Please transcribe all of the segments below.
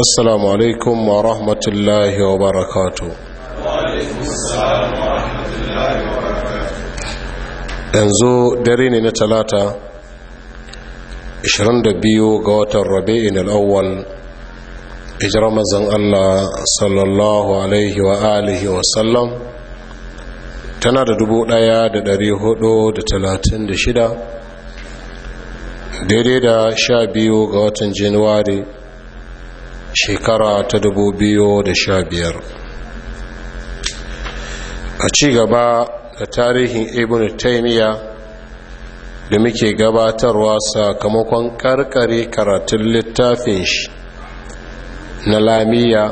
السلام عليكم ورحمة الله وبركاته yanzu dare ne na talata 22 ga watan rabi'i na awwal ijiramazan allah sallallahu alaihi wa alihi wa sallam tana da shida, daidai da 12 ga watan januwari shekara ta dubu biyu da sha biyar. a ci gaba da tarihin ibn taimiyya da muke gabatarwa sakamakon karkare karatun littafin shi na lamiya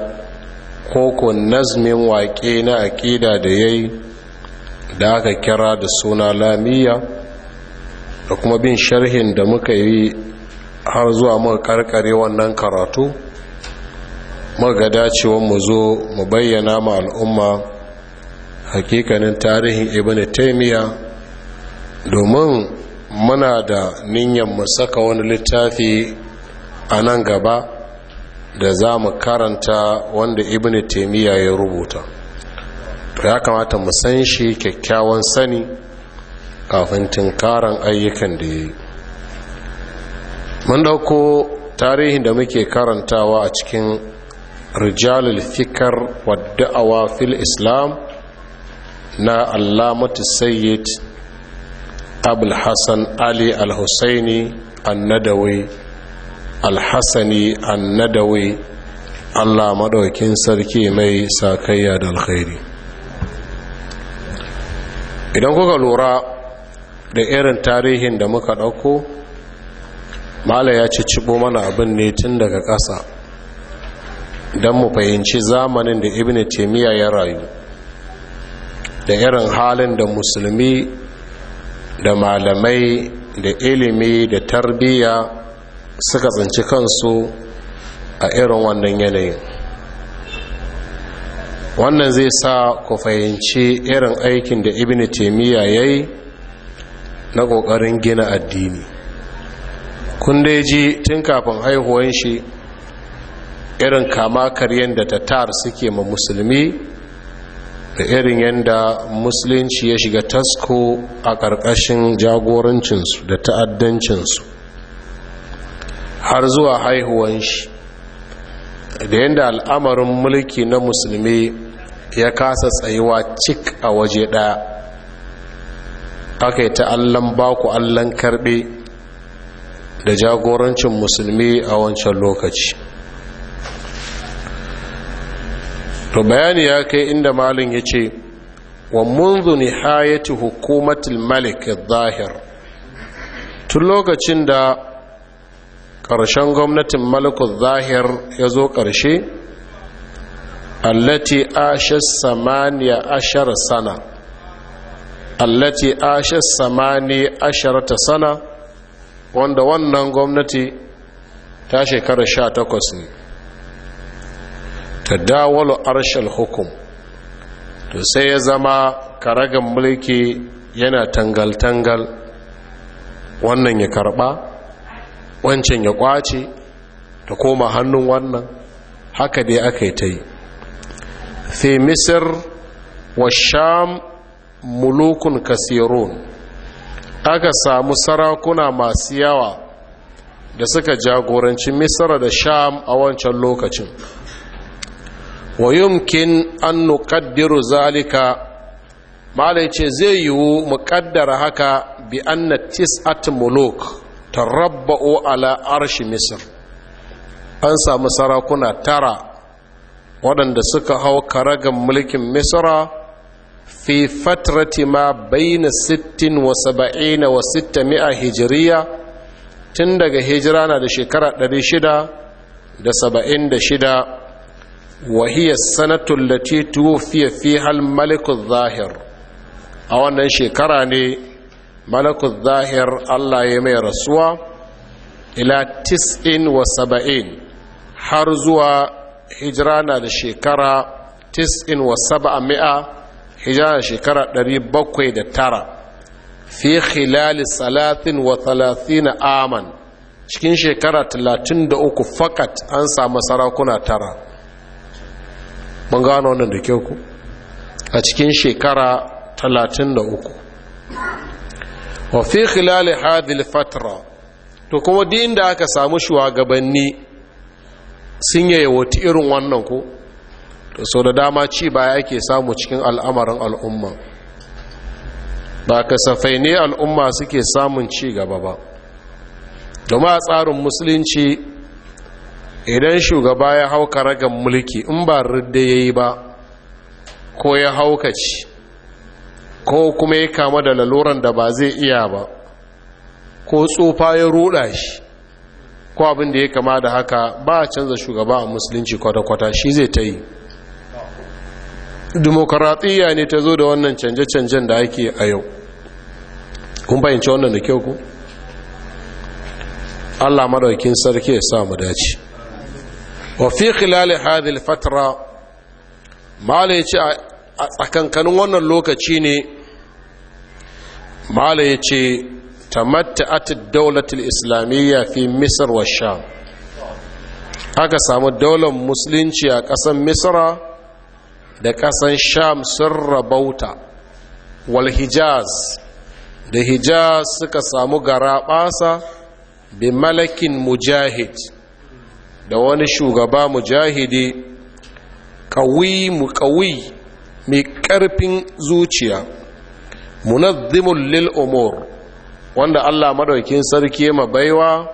ko nazmin wake na aƙida da ya yi da aka kira da suna lamiya da kuma bin sharhin da muka yi har zuwa muka karkare wannan karatu ga dacewa mu zo mu bayyana ma al'umma hakikanin tarihin ibn taimiyya domin muna da niyyar mu saka wani littafi a nan gaba da za mu karanta wanda ibn taimiyya ya rubuta ya kamata mu san shi kyakkyawan sani kafin tunkaran ayyukan da ya yi mun dauko tarihin da muke karantawa a cikin rijalul fikar wadda'awa fil islam na allamatu sayyid abul ali AlHusaini husaini annadawi al allah maɗaukin sarki mai sakayya da alkhairi idan kuka lura da irin tarihin da muka ɗauko Malam ya ci ciɓo mana abin ne tun daga ƙasa don mu fahimci zamanin da ibn taimiyya ya rayu da irin halin da musulmi da malamai da ilimi da tarbiyya suka tsinci kansu a irin wannan yanayin wannan zai sa ku fahimci irin aikin da ibn taimiyya ya yi na ƙoƙarin gina addini kun dai ji tun kafin haihuwan shi irin kama karyen da tatar suke ma musulmi da irin yadda musulunci ya shiga tasko a ƙarƙashin jagorancinsu da ta'addancinsu har zuwa haihuwan shi da yadda al'amarin mulki na musulmi ya kasa tsayuwa cik a waje ɗaya aka yi ta allon baku allon karɓe da jagorancin musulmi a wancan lokaci to bayani ya kai inda malin ya ce wa munzu nihayati hukumatul malik zahir tun lokacin da ƙarshen gwamnatin malikul zahir ya zo ƙarshe allati ashar samaniya ashar sana allati ashar samaniya ashar sana wanda wannan gwamnati ta shekara sha takwas ne tadawalu arshal hukum to sai ya zama karagan mulki yana tangal-tangal wannan ya karba wancan ya kwace ta koma hannun wannan haka dai aka yi ta yi fi misir wa sham mulukun kasirun aka samu sarakuna masu yawa da suka jagoranci misira da sham a wancan lokacin wa yumkin an nuqaddiru zalika malai ce zai yiwu mu haka bi anna tis'at muluk tarabba'u ala arshi misr an samu sarakuna tara waɗanda suka hau karagan mulkin misra fi fatrati baina sittin wa saba'ina wa sitta mi'a hijiriya tun daga hijira na da shekara ɗari shida da saba'in da shida wahiyar sanatun lati tuwufiya fi hal malikul zahir a wannan shekara ne malikul zahir allah ya mai rasuwa ila tis'in wa har zuwa hijira na da shekara tis'in wa mi'a hijira na shekara ɗari bakwai da tara fi khilali salatin wa talatina aman cikin shekara talatin da uku fakat an samu sarakuna tara mun gano wannan da kyau ku a cikin shekara 33 wa fi khilali hadhihi fatra to kuma din da aka samu shugabanni sun wata irin wannan ko to so da dama ci baya yake samu cikin al'amarin al'umma ba ka kasafai ne al'umma suke samun ci gaba ba domin a tsarin musulunci idan shugaba ya hauka ragan mulki in ba ridda ya yi ba ko ya haukaci ko kuma ya kama da laluran da ba zai iya ba ko tsufa ya ruɗa shi ko abin da ya kama da haka ba a canza shugaba a musulunci kwata-kwata shi zai ta yi demokaratiyya ne ta zo da wannan canje-canjen da ake a yau kun bayanci wannan da kyau ku allah maraukin sarki ya samu mu dace wa fi khilali hadhihi al-fatra mala yace a tsakankanin wannan lokaci ne mala yace tamatta'at ad-dawlat al-islamiyya fi misr wa sham aka samu daular musulunci a ƙasar misra da ƙasar sham sun rabauta wal hijaz da hijaz suka samu garaɓasa, bi malakin mujahid da wani shugaba mujahidi kawai mu kawai mai ƙarfin zuciya munazzimul lil umur wanda Allah madaukin sarki ma baiwa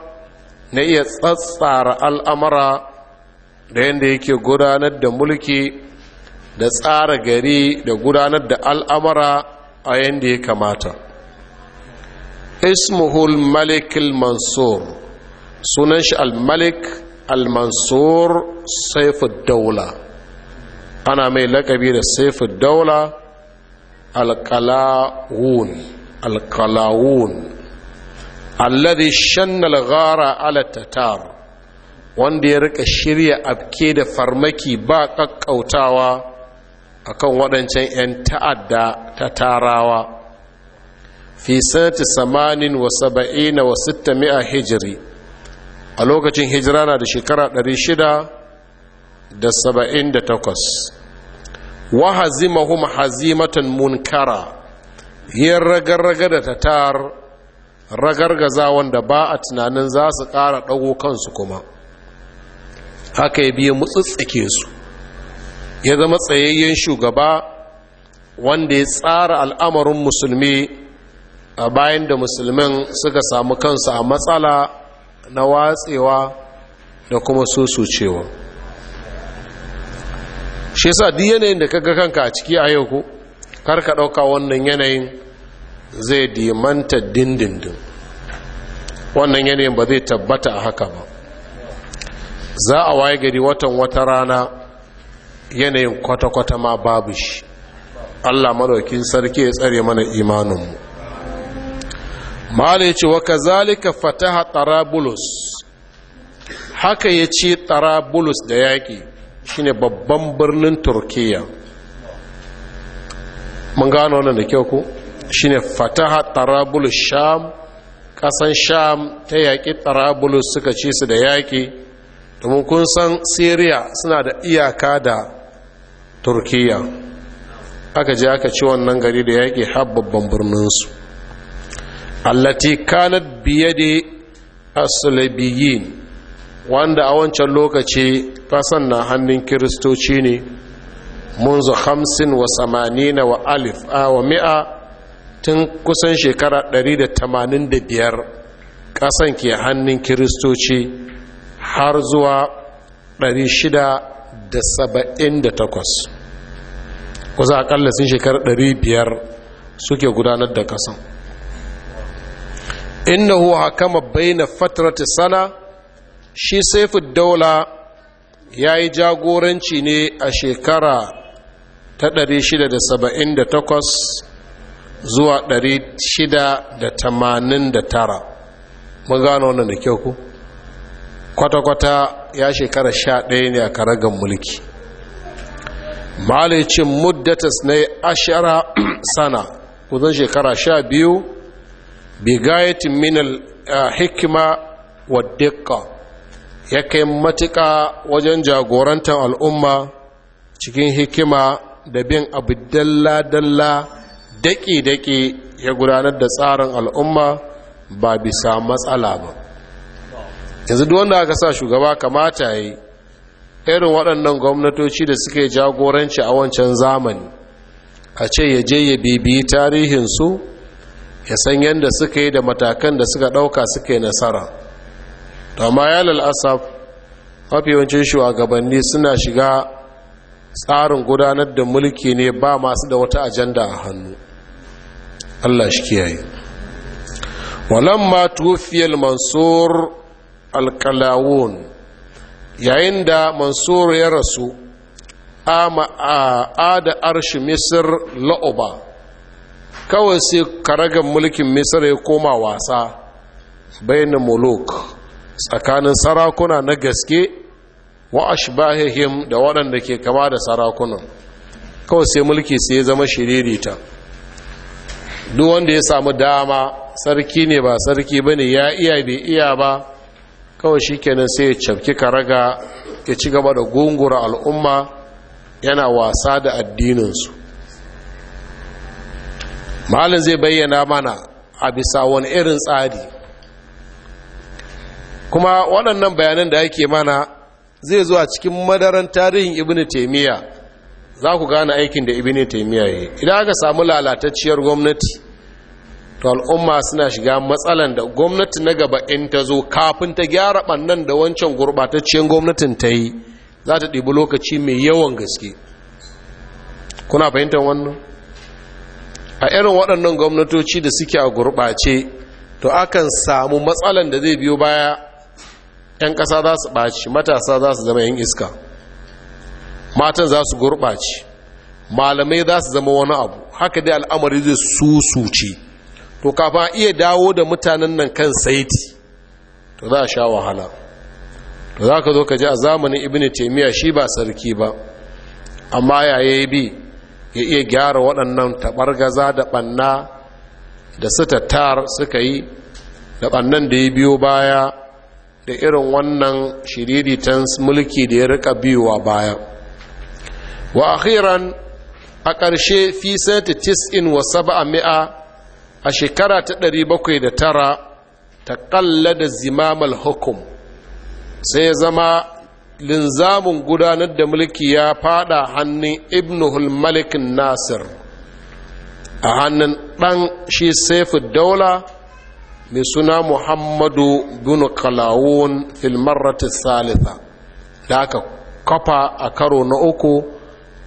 na iya tsatsara al'amara da yadda yake gudanar da mulki da tsara gari da gudanar da al'amara a yadda ya kamata ismuhul malik mansur sunan shi al-malik Almansur mansur daula ana mai lakabi da saifu daula al-qalawun al-qalawun alladhi shanna al-ghara ala tatar wanda ya rika shirya abke da farmaki ba kakkautawa akan waɗancan 'yan ta'adda ta tarawa fi sanati samanin wa saba'ina wa sittami'a hijiri a lokacin hijira na da shekara 678 wa hazimahum hazimatan munkara yin ragarraga da tatar ragargaza wanda ba a tunanin za su ƙara ɗago kansu kuma haka ya biya mutsitsike su ya zama tsayayyen shugaba wanda ya tsara al'amarin musulmi a bayan da musulmin suka samu kansu a matsala na watsewa da kuma sosocewa shi yasa duk yanayin da kaga kanka a ciki a yau ko kar ka ɗauka wannan yanayin zai dimanta dindindin wannan yanayin ba zai tabbata a haka ba za a waye gari watan wata rana yanayin kwata-kwata ma babu shi allah madaukin sarki ya tsare mana imaninmu mala ce wa kazalika fataha tarabulus haka ya yace tarabulus da yaƙi shine babban birnin turkiya mun gano wannan da kyau ko shine fataha tarabulus sham kasan sham ta yaƙi tarabulus suka ci su da yaƙi domin kun san syria suna da iyaka da turkiya aka je aka ci wannan gari da yaƙi har babban birninsu allati kanat biyadi aslabiyin wanda a wancan lokaci kasan na hannun kiristoci ne munzu hamsin wa samani na wa alif a wa mi'a tun kusan shekara 185 kasan ke hannun kiristoci har zuwa 678 kusa akalla sun shekara 500 suke gudanar da kasan huwa hakama baina fatrati sana shi saifu daula ya yi jagoranci ne a shekara ta 678 zuwa 689 mun gano wannan da kyau ku kwata-kwata ya shekara sha ne a karagan mulki malicin muddatas na ashara sana kusan shekara sha biyu bigayatin minal ah, hikima wa dikka ya kai matuƙa wajen jagorantar al'umma cikin hikima da bin abu dalla-dalla daƙi daki ya gudanar da tsarin al'umma ba bisa matsala ba yanzu duk wanda aka sa shugaba kamata yi irin waɗannan gwamnatoci da suke jagoranci a wancan zamani a ce ya je ya bibiyi tarihinsu ya san yadda suka yi da matakan da suka ɗauka suka yi nasara amma ya lalasa mafi yawancin shugabanni suna shiga tsarin gudanar da mulki ne ba masu da wata ajanda a hannu allah shi kiyaye ma tufiyar mansur alkalawun yayin da mansur ya rasu a da arshi misir la'uba kawai sai karagan mulkin misra ya koma wasa bayan muluk tsakanin sarakuna na gaske wa ashbahihim da waɗanda ke kama da sarakunan kawai sai mulki sai zama shiririta duk wanda ya samu dama sarki ne ba sarki ba ne ya iya bai iya ba kawai shi kenan sai ya cafki karaga ya ci gaba da gungura al'umma yana wasa da addininsu malin zai bayyana mana a bisa wani irin tsari kuma waɗannan bayanan da ake mana zai zuwa cikin madaran tarihin ibn taimiyya za ku gane aikin da ibn taimiyya ya idan aka samu lalatacciyar gwamnati to al'umma suna shiga matsalan da gwamnati na gaba in ta zo kafin ta gyara ɓannan da wancan gurɓatacciyar gwamnatin ta yi za ta ɗibi lokaci mai yawan gaske kuna fahimtar wannan a irin waɗannan gwamnatoci da suke a gurɓace to akan samu matsalan da zai biyo baya 'yan ƙasa za su ɓaci matasa za su zama 'yan iska matan za su gurɓace malamai za su zama wani abu haka dai al'amari zai susuce to kafa iya dawo da mutanen nan kan saiti to za a sha wahala to za ka zo ka ji a zamanin ibini taimiyya shi ba sarki ba amma yayaye bi ya iya gyara waɗannan taɓargaza da ɓanna da su suka yi da ɓannan da ya biyo baya da irin wannan shiriritan mulki da ya rika biyowa baya wa akhiran a ƙarshe fi sati tis'in wa saba'a mi'a a shekara ta ɗari bakwai da tara ta ƙalla da zimamal hukum sai ya zama linzamin gudanar da mulki ya fada hannun ibnuhul malikin nasir a hannun ɗan shi saifu daula mai suna muhammadu bin kalawun filmarrati salisa da aka kafa a karo na uku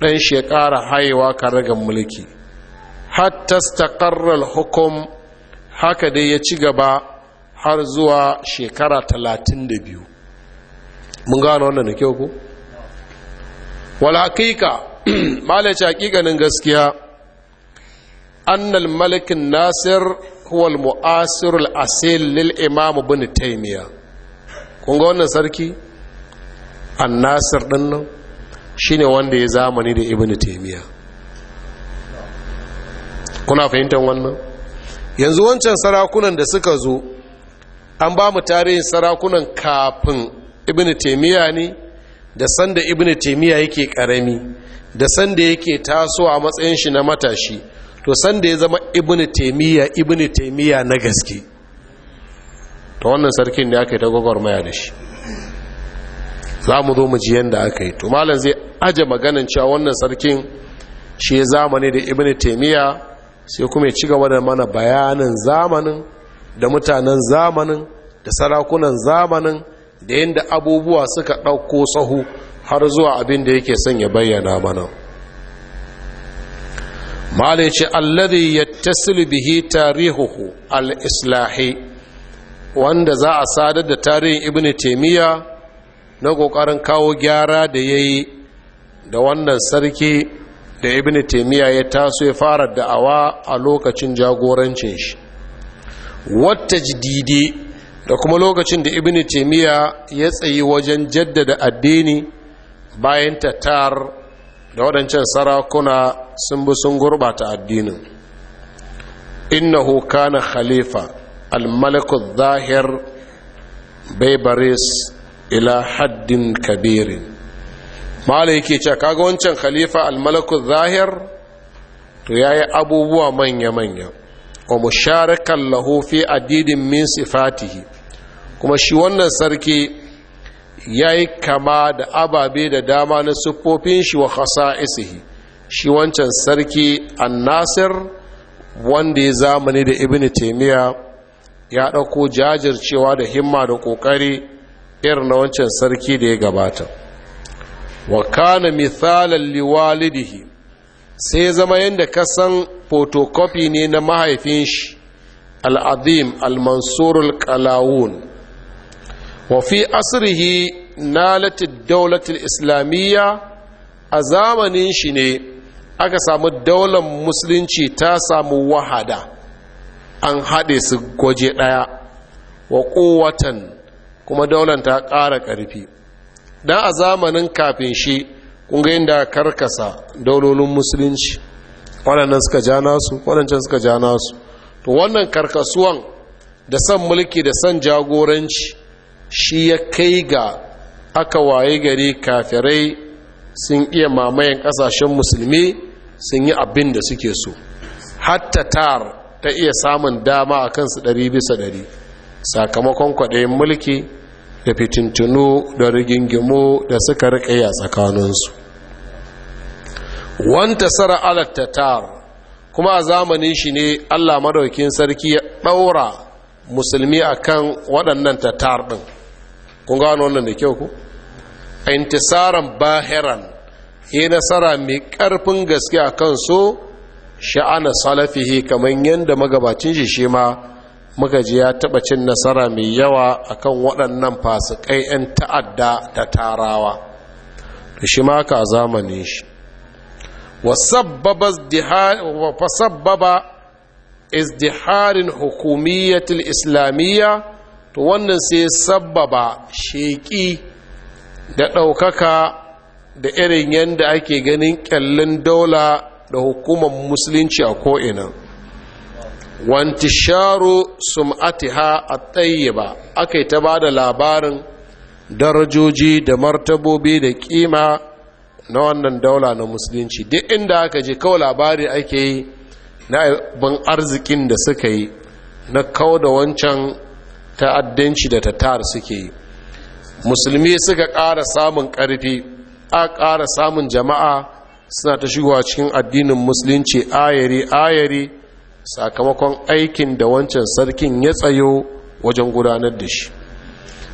ɗan shekara haiwa karagan mulki hatta hukum haka dai ya ci gaba har zuwa shekara talatin da biyu mun gano wannan da kyau ko wal haqiqa hakika haqiqanin gaskiya annal malik nasir huwa al mu'asir al asil lil imam ibn taymiya kun ga wannan sarki an nasir din nan shine wanda ya zamani da ibn taymiya kuna fahimtar wannan yanzu wancan sarakunan da suka zo an ba mu tarihin sarakunan kafin ibn taimiyya ne da sanda ibn taimiyya yake karami da sanda yake taso a matsayin shi na matashi to sanda ya zama ibn taimiyya ibn taimiyya na gaske ta wannan sarkin da aka yi ta gwagwarmaya da shi za mu zo mu ji yadda aka yi to malam zai aje maganin cewa wannan sarkin shi ya zamani da ibn taimiyya sai kuma ya ci gaba da mana bayanin zamanin da mutanen zamanin da sarakunan zamanin da yadda abubuwa suka ɗauko sahu har zuwa abin da yake son ya bayyana mana malin ce alladhi ya bihi tarihuhu al-islahi wanda za a sadar da tarihin ibn taimiyya na ƙoƙarin kawo gyara da ya yi da wannan sarki da ibn taimiyya ya taso ya fara da'awa a lokacin jagorancin shi wata jididi da kuma lokacin da ibn taimiyya ya tsayi wajen jaddada addini bayan tatar da waɗancan sarakuna sun bi sun gurbata addinin innahu kana khalifa al zahir baibaris ila haddin kabirin mala yake ce kaga wancan khalifa al zahir to ya yi abubuwa manya-manya wa musharikan lahu fi adidin min sifatihi kuma shi wannan sarki ya yi kama da ababe da dama na siffofin shi wa isihi shi wancan sarki An-Nasir, wanda ya zamani da ibn taimiyya ya ɗauko jajircewa da himma da ƙoƙari irin na wancan sarki da ya gabata wa kana mithalan liwalidihi sai zama yadda kasan san photocopy ne na mahaifin shi al'adim al kalawun wa fi asrihi nalatid daulatul islamiyya a zamanin shi ne aka samu daular musulunci ta samu wahada an haɗe su gwaje ɗaya wa kowatan kuma daular ta ƙara ƙarfi da a zamanin kafin shi kunga inda karkasa daulolin musulunci waɗannan suka ja nasu waɗancan suka ja nasu to wannan karkasuwan da son mulki da son jagoranci shi ya kai ga aka waye gari kafirai sun iya mamayen ƙasashen musulmi sun yi abin da suke so hatta tar ta iya samun dama a kansu ɗari bisa ɗari sakamakon kwaɗayin mulki da fitintunu da rigingimu da suka riƙe a tsakaninsu wanta sara alatta tar kuma a zamanin shi ne allah madaukin sarki ya ɗaura musulmi akan waɗannan tatar ɗin kun gano wannan da kyau ku intisaran bahiran yi nasara mai karfin gaske a kan so sha'ana salafihi kamar yadda magabacin shi shi ma muka ji ya taɓa cin nasara mai yawa a kan waɗannan fasikai 'yan ta'adda da tarawa da shi ma ka zamanin shi wasabbaba izdiharin hukumiyyatul islamiyya to wannan sai sabbaba sheki da ɗaukaka da irin yadda ake ganin ƙyallin daula da hukumar musulunci a ko'ina wantisharu sum'atiha a ba aka yi ta ba da labarin darajoji da martabobi da kima na wannan daula na musulunci duk inda aka je kawai labari ake yi na ban arzikin da suka yi na kau da wancan ta'addanci da tatar suke yi musulmi suka ƙara samun ƙarfi a ƙara samun jama'a suna ta shigowa cikin addinin musulunci ayari ayari sakamakon aikin da wancan sarkin ya tsayo wajen gudanar da shi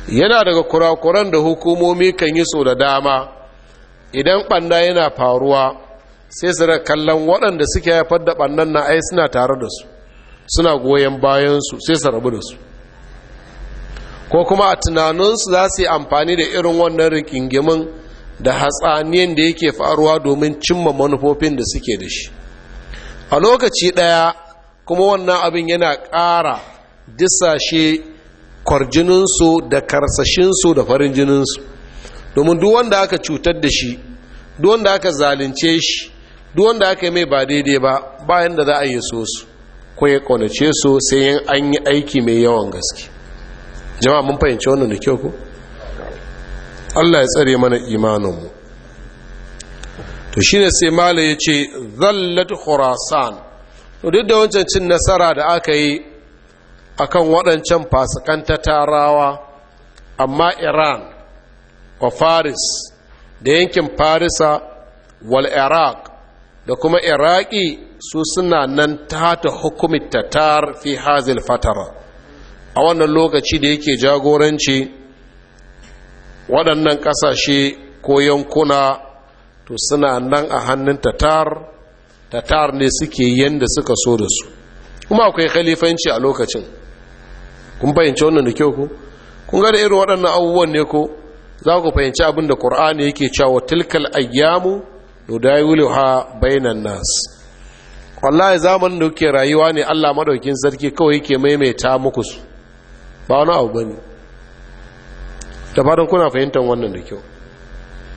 yana daga kurakuran da hukumomi kan yi so da dama idan ɓanna yana faruwa sai su kallon waɗanda suke haifar da ɓannan na ai suna tare da su suna goyon bayansu sai su rabu da su ko kuma a tunaninsu za su yi amfani da irin wannan rikingimin da hatsaniyar da yake faruwa domin cimma manufofin da suke da shi a lokaci ɗaya kuma wannan abin yana ƙara disashe kwarjininsu da karsashinsu da farin jininsu domin duk wanda aka cutar da shi duk wanda aka zalunce shi duk wanda aka yi mai ba daidai ba bayan da za a yi so su ko ya ƙaunace su sai yin an yi aiki mai yawan gaske jama mun fahimci wannan da kyau ku Allah ya tsare mana imaninmu to shine sai mala yace, zallat khurasan to duk da wancan cin nasara da aka yi akan waɗancan fasikan tarawa amma iran wa faris da yankin farisa wal iraq da kuma iraki su suna nan ta ta hukumin tatar fi hazil fatara a wannan lokaci da yake jagoranci waɗannan ƙasashe ko yankuna to suna nan a hannun tatar tatar ne suke yadda suka so da su kuma akwai khalifanci a lokacin kun fahimci wannan da kyau ku kun ga irin waɗannan abubuwan ne ko za ku fahimci abin da ƙur'ani yake cewa tilkal ayyamu nudayuluha bainan nas wallahi zamanin da kuke rayuwa ne Allah madaukin sarki kawai yake maimaita muku su ba wani abu bane da fadon kuna fahimtar wannan da kyau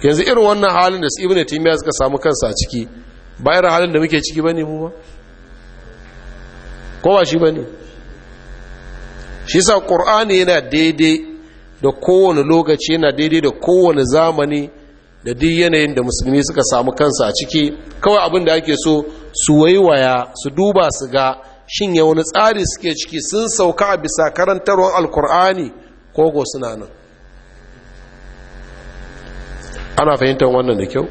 yanzu irin wannan halin da su da timiya suka samu kansa a ciki ba irin halin da muke ciki bane mu ba ko ba shi bane shi sa ƙor'ani yana daidai da kowane lokaci yana daidai da kowane zamani da duk yanayin da musulmi suka samu kansa a ciki kawai abin da ake so su waiwaya su duba su ga shin ya wani tsari suke ciki sun sauka a bisa karantarwar alkur'ani kogo suna nan ana fahimtar wannan da kyau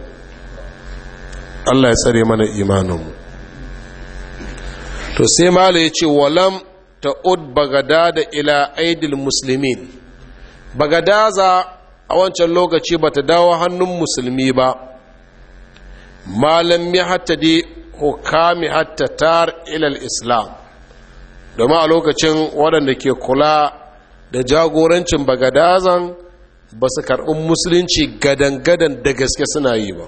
allah ya tsare mana imaninmu to sai mala ya ce walam ta'ud da ila aidil muslimin bagadaza a wancan lokaci ba ta dawo hannun musulmi ba malam ya hatta hukami hatta tar ilal islam domin a lokacin waɗanda ke kula da jagorancin bagadazan ba su karɓi musulunci gadan-gadan da gaske suna yi ba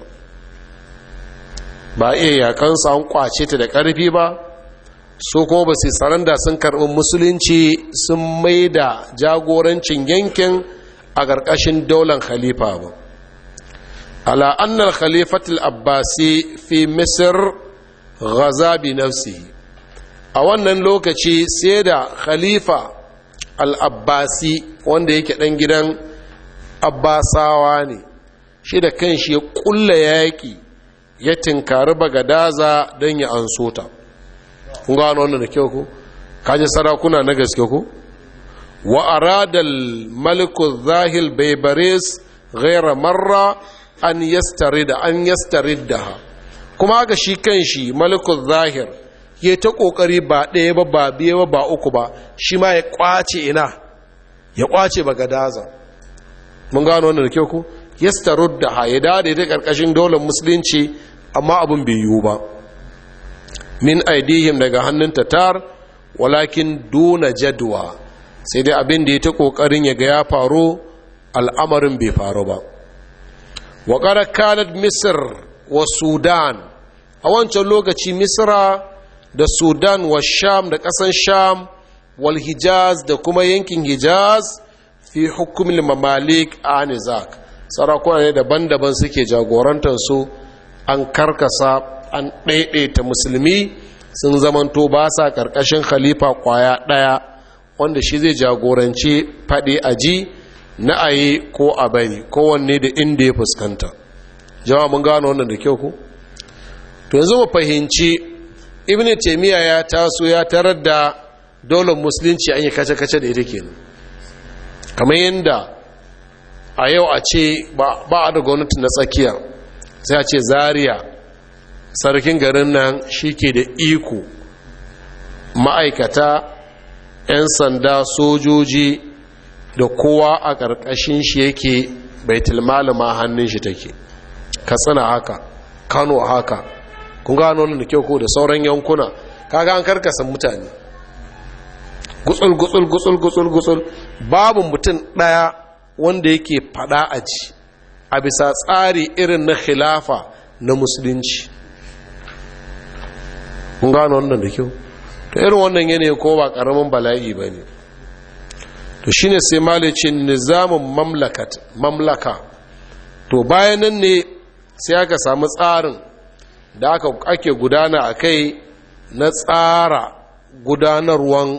ba iya yakansa an kwace ta da ƙarfi ba su kuma ba su saranda sun karɓi musulunci sun maida jagorancin yankin a ƙarƙashin daular khalifa ba ala annal khalifatul abbasi fi misir ghaza bi nafsihi a wannan lokaci sai da khalifa al-abbasi wanda yake dan gidan abbasawa ne shi da kanshi ya kulla yaki ya tinkari bagadaza don ya anso ta kun gano wannan da kyau ko kaji sarakuna na gaske ko wa aradal maliku zahil bai marra an yastarida an kuma ga shi kan shi malikul zahir ya ta kokari ba ɗaya ba ba biye ba ba uku ba shi ma ya kwace ina ya kwace ba gadaza mun gano wannan da kyau ku yastarud da ha ya dade ta karkashin daular musulunci amma abin bai yiwu ba min aidihim daga hannun tatar walakin duna jadwa sai dai abin da ya ta kokarin ya ga ya faru al'amarin bai faru ba wa kanat misr wa sudan a wancan lokaci misra da sudan wa sham da ƙasan sham wal hijaz da kuma yankin hijaz fi hukumin mamalik a anizak sarakuna ne daban-daban suke jagorantar su an karkasa an ɗaiɗaita musulmi sun zamanto ba sa ƙarƙashin khalifa ƙwaya ɗaya wanda shi zai jagoranci faɗi a ji na aye ko a bari kowanne da inda ya fuskanta jama'a mun gano wannan da kyau ku? to yanzu mu fahimci ibn taymiya ya taso ya tarar da dole musulunci an yi kace-kace da ita kenan kamar yadda a yau a ce ba a da gwamnati na tsakiya sai a ce zaria sarkin garin nan shike da iko ma'aikata 'yan sanda sojoji da kowa a ƙarƙashin shi yake ma hannun shi take katsina haka kano haka kun gano da kyau ko da sauran yankuna kaga an karkasa mutane gutsul gutsul gutsul gutsul gutsul babu mutum ɗaya wanda yake fada a ji a bisa tsari irin na khilafa na musulunci kun gano wannan da kyau to irin wannan yanayi ko ba karamin bala'i ba ne to shine sai malicin nizamin mamlakat mamlaka to bayanan nan ne sai aka samu tsarin da aka ake gudana a kai na tsara gudanarwan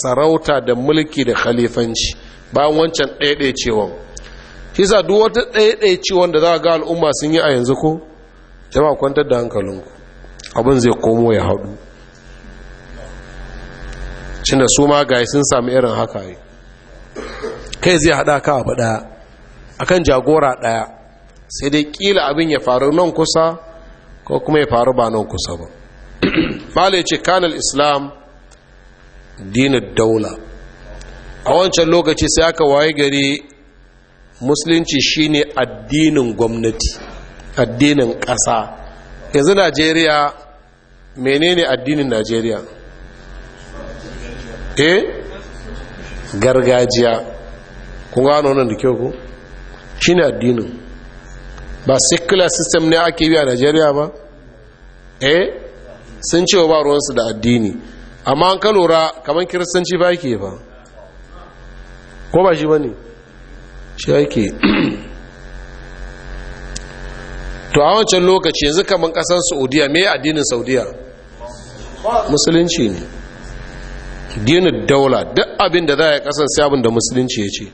sarauta da mulki da khalifanci bayan wancan ɗaiɗaicewan kisa duk wata ɗaiɗaicewan da za ga al'umma sun yi a yanzu ko Jam'a kwantar da hankalinku abin zai komo ya haɗu cin da su ma sun sami irin haka yi kai zai haɗa ka abu ɗaya kan jagora ɗaya sai dai ƙila abin ya faru nan kusa ko kuma ya faru ba nan kusa ba Fale ce kanal islam dini daula a wancan lokaci sai aka waye gari musulunci shine addinin gwamnati addinin ƙasa yanzu najeriya menene addinin najeriya eh gargajiya kun gano nan da kyau ku shine addinin ba secular system ne ake biya a Najeriya ba eh sun ce ba ruwansu da addini amma an ka lura kamar kiristanci ba ke ba ko ba shi ba ne shi ake to a wancan lokaci yanzu kamar kasar saudiya me addinin saudiya musulunci ne dinin daula duk abin da za a yi kasar sai abin da musulunci ya ce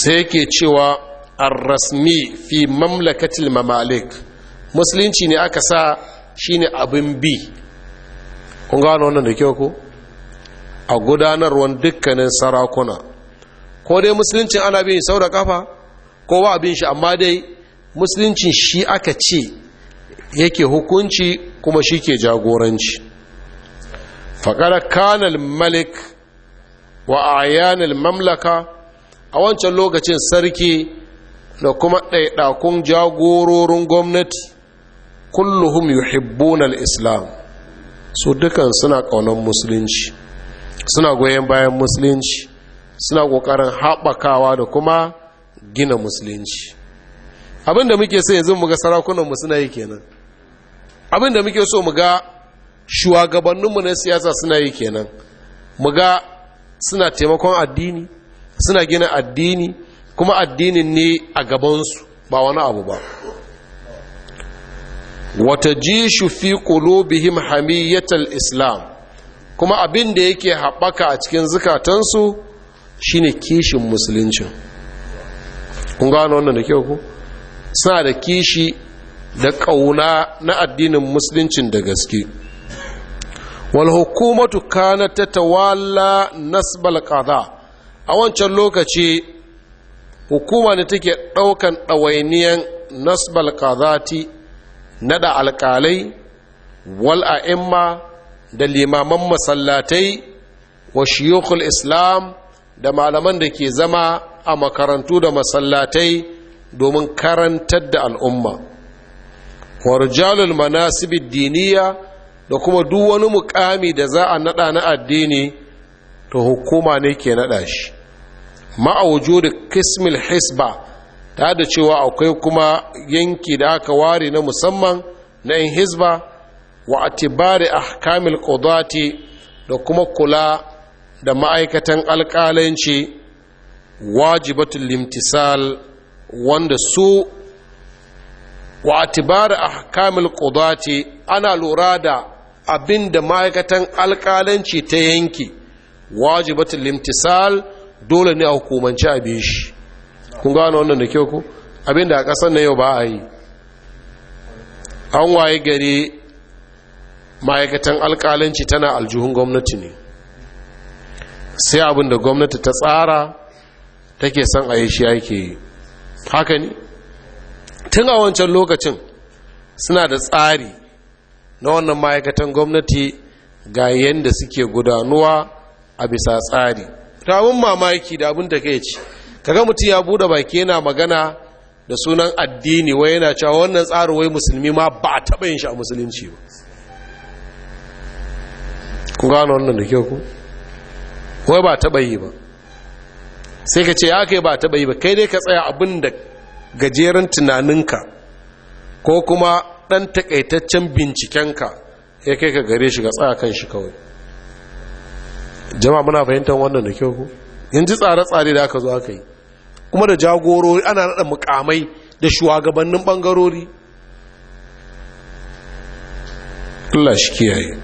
sai ke cewa ar-rasmi fi mamlakatil mamalik musulunci ne aka sa shine abin bi kun gano wannan da kyau ko a gudanarwar dukkanin sarakuna ko dai musulunci ana bin sau da kafa kowa abin shi amma dai musulunci shi aka ce yake hukunci kuma shi ke jagoranci faƙar kanal malik wa ayyanil mamlaka a wancan lokacin sarki da kuma ɗaiɗakun jagororin gwamnati kulluhum yuhibbun al-islam su dukan suna ƙaunar musulunci suna goyon bayan musulunci suna ƙoƙarin haɓakawa da kuma gina musulunci abinda da muke so yanzu mu ga sarakunan mu suna yi kenan abin muke so muga shugabanninmu na siyasa suna yi kenan mu suna taimakon addini suna gina addini kuma addinin ne a gabansu ba wani abu ba wata jishu fi bihim hamiyyatal islam kuma abin da yake haɓaka a cikin zukatansu shine kishin musuluncin kun gano wannan da kyau ku suna da kishi da ƙauna na addinin musuluncin da gaske wal hukumatu kana tatawalla nasbal qada a wancan lokaci hukuma ne take ɗaukan ɗawainiyan nasbal kazati naɗa alƙalai wal'a'imma da limaman masallatai wa shiyukul islam da malaman da ke zama a makarantu da masallatai domin karantar da al'umma warjalul manasibid diniya da kuma duk wani mukami da za a naɗa na addini to hukuma ne ke naɗa shi ma'auju kismil hisba ta da cewa akwai kuma yanki da aka ware na musamman na yin hisba wa atibari ahkamil qudati da kuma kula da ma'aikatan alkalanci wajibatul limtisal wanda su wa atibari ahkamil qudati ana lura da abin da ma'aikatan alkalanci ta yanki wajibatul limtisal dole ne a hukumance a biye shi kun gano wannan da kyau ku abinda a ƙasar na yau ba a yi an waye gari ma'aikatan alƙalanci tana aljihun gwamnati ne sai abin da gwamnati ta tsara take son a yi shi ake yi haka ne tun a wancan lokacin suna da tsari na wannan ma'aikatan gwamnati ga yadda suke gudanuwa a bisa tsari ta abin mamaki da abin da kai ce kaga mutum ya bude baki yana magana da sunan addini wai yana cewa wannan tsarin wai musulmi ma ba a taɓa yin shi a musulunci ba ku gano wannan da kyau ku wai ba taɓa yi ba sai ka ce ya kai ba taɓa yi ba kai dai ka tsaya abin da gajeren tunaninka ko kuma ɗan takaitaccen bincikenka ya kai ka gare shi ga tsaya kan shi kawai jama'a muna fahimtar wannan da kyau ku yanzu tsare-tsare da aka zo aka yi kuma da jagorori ana nada mukamai da shugabannin bangarori Allah shi kiyaye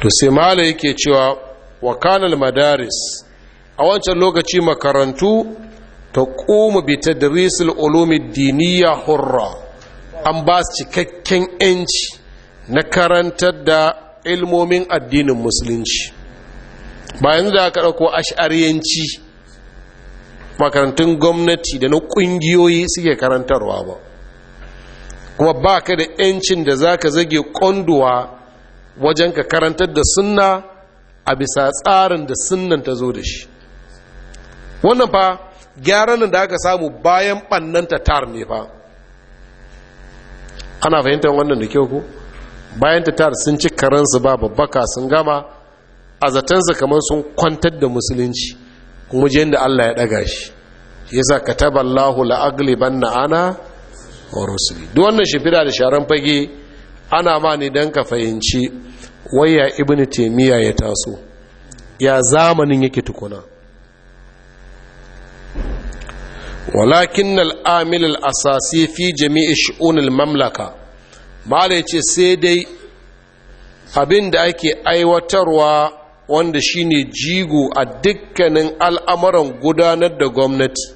to sai mala yake cewa wa madaris a wancan lokaci makarantu ta kuma bi tadrisul ulumi diniya hurra an ba su cikakken yanci na karantar da ilmomin addinin musulunci bayan da aka ɗauko ash'ariyanci makarantun gwamnati da na ƙungiyoyi suke karantarwa ba kuma ba ka da 'yancin da za ka zage ƙonduwa wajen ka karantar da sunna a bisa tsarin da sunnan ta zo da shi wannan fa gyaran da aka samu bayan ɓannan ta tar ne fa ana fahimtar wannan da kyau ko. bayan ta tar sun ci karansu ba babbaka sun gama a zatansa kamar sun kwantar da musulunci kuma je da Allah ya daga shi yasa kataballahu la'aglibanna ana wa rusuli duk wannan shifida da sharan fage ana ma ne dan ka fahimci waya ibnu taymiya ya taso ya zamanin yake tukuna walakin al-amil asasi fi jami'i shu'un al-mamlaka mala ya ce sai dai abin da ake aiwatarwa wanda shine jigo a dukkanin al'amuran gudanar da gwamnati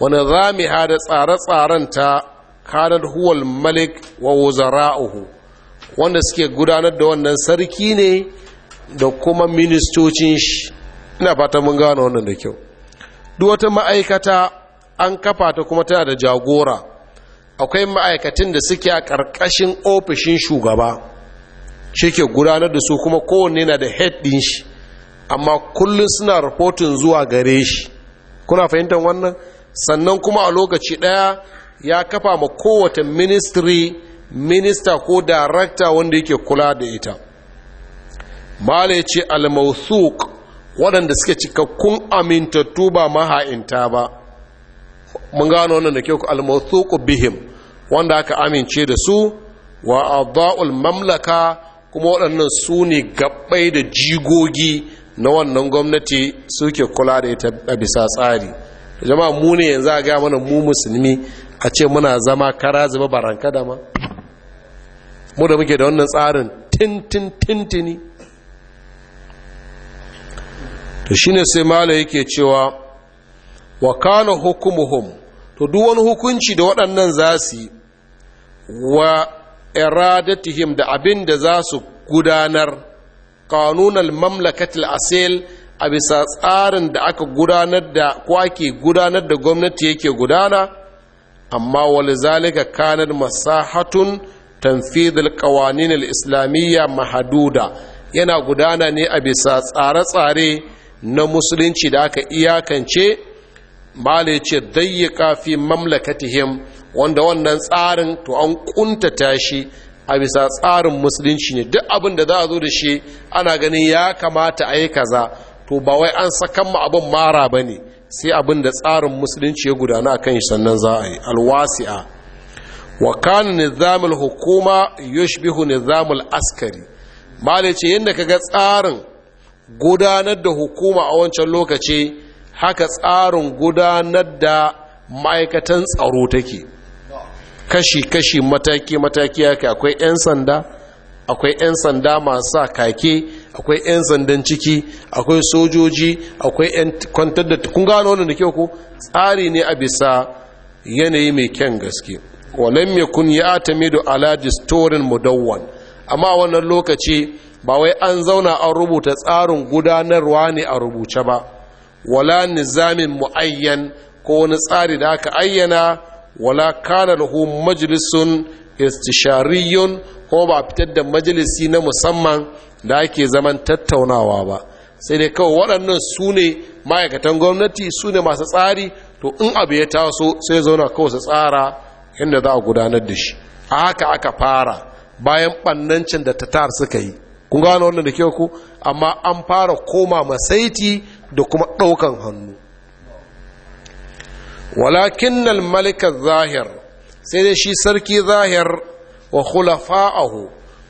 wani zamiha da tsare-tsaren ta kanar huwal malik wa wuzara'uhu wanda suke gudanar da wannan sarki ne da kuma ministocin shi ina fata mun gano wannan da kyau duk wata ma'aikata an kafa ta kuma tana da jagora akwai ma'aikatan da suke a ƙarƙashin ofishin shugaba shi ke gudanar da su kuma kowanne na da head ɗin shi amma kullum suna rahoton zuwa gare shi kuna fahimtar wannan sannan kuma a lokaci ɗaya ya kafa ma kowace ministry minister ko director wanda yake kula da ita mala ce al waɗanda suke cikakkun amintattu ba maha'inta ba mun gano wannan da kyau almawthuqu bihim wanda aka amince da su wa adaul mamlaka kuma waɗannan su ne gabbai da jigogi na wannan gwamnati suke kula da ita a bisa tsari jama'a mu ne yanzu a ga mana mu musulmi a ce muna zama kara zuba baranka da ma mu da muke da wannan tsarin tintin tintini to shine sai malai yake cewa wa kana hukumuhum to duk wani hukunci da waɗannan za su wa iradatihim da abin da za su gudanar kanunan mamlakatul asil a bisa tsarin da aka gudanar da ko ake gudanar da gwamnati yake gudana amma wani zalika kanar masahatun tanfidil kawanin islamiyya mahaduda yana gudana ne a bisa tsare-tsare na musulunci da aka iyakance bale ce dayyaka fi mamlakatihim wanda wannan tsarin to an kuntata shi a bisa tsarin musulunci ne duk abin da za a zo da shi ana ganin ya kamata a yi kaza to ba wai an sakan mu abin mara ba ne sai abin da tsarin musulunci ya gudana a kan shi sannan za a yi alwasi'a wa kana nizamul hukuma yushbihu nizamul askari mala ce yadda kaga tsarin gudanar da hukuma a wancan lokaci haka tsarin gudanar da ma'aikatan tsaro take kashi-kashi mataki-mataki yake akwai 'yan sanda akwai 'yan sanda masu kake akwai 'yan sandan ciki akwai sojoji akwai 'yan kwantar da kun gano wani da kyau ko tsari ne a bisa yanayi mai kyan gaske walam yakun ya da alajis torin mudawwan amma wannan lokaci ba wai an zauna an rubuta tsarin gudanarwa ne a rubuce ba wala nizamin mu'ayyan ko wani tsari da aka ayyana wala kana lahu majlisun istishariyun ko ba fitar da majalisi na musamman da ake zaman tattaunawa ba sai dai kawai waɗannan su ne ma'aikatan gwamnati su ne masu tsari to in abu ya taso sai zauna kawai su tsara inda za a gudanar da shi a haka aka fara bayan ɓannancin da ta tar suka yi kun gano wannan da kyau ku amma an fara koma masaiti da kuma ɗaukan hannu walakin nan zahir sai dai shi sarki zahir wa khulafa'ahu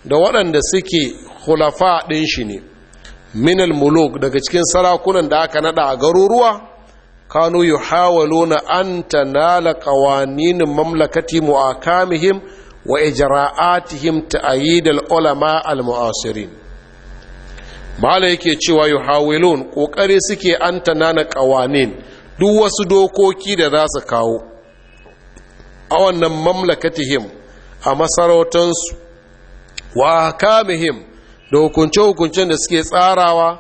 da waɗanda suke khulafa ɗin shi ne minal muluk daga cikin sarakunan da aka nada a garuruwa kanu yuhawaluna an tanala qawanin mamlakati muakamihim wa ijra'atihim ta'ayidal ulama al mu'asirin bala yake cewa hawilun ƙoƙari suke an tanana qawanin duk wasu dokoki da za su kawo a wannan mamlakatihim a masarautansu wa kamihim da hukunce-hukuncen da suke tsarawa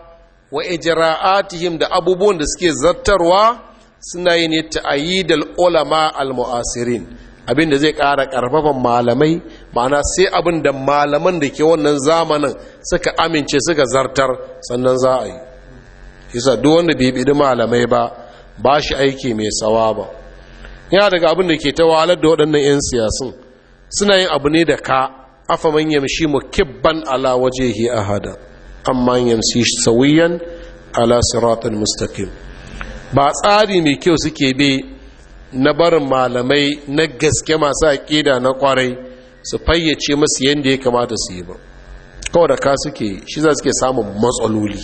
wa ijra'atihim da abubuwan da suke zartarwa suna yi ne ta'ayyidal ulama al-mu'asirin abin da zai kara karfafan malamai ma'ana sai abin da malaman da ke wannan zamanin suka amince suka zartar sannan za a yi isa duk wanda bai bidi malamai ba ba shi aiki mai tsawa ba yana daga abin da ke ta wahalar da waɗannan 'yan siyasun suna yin abu ne da ka afa man mu kibban ala wajehi ahada amma shi sauyan ala siratal mustaqim ba tsari mai kyau suke bi na barin malamai na gaske masu aƙida na kwarai su fayyace masu yadda ya kamata su yi ba kawai da ka suke shi za suke samun matsaloli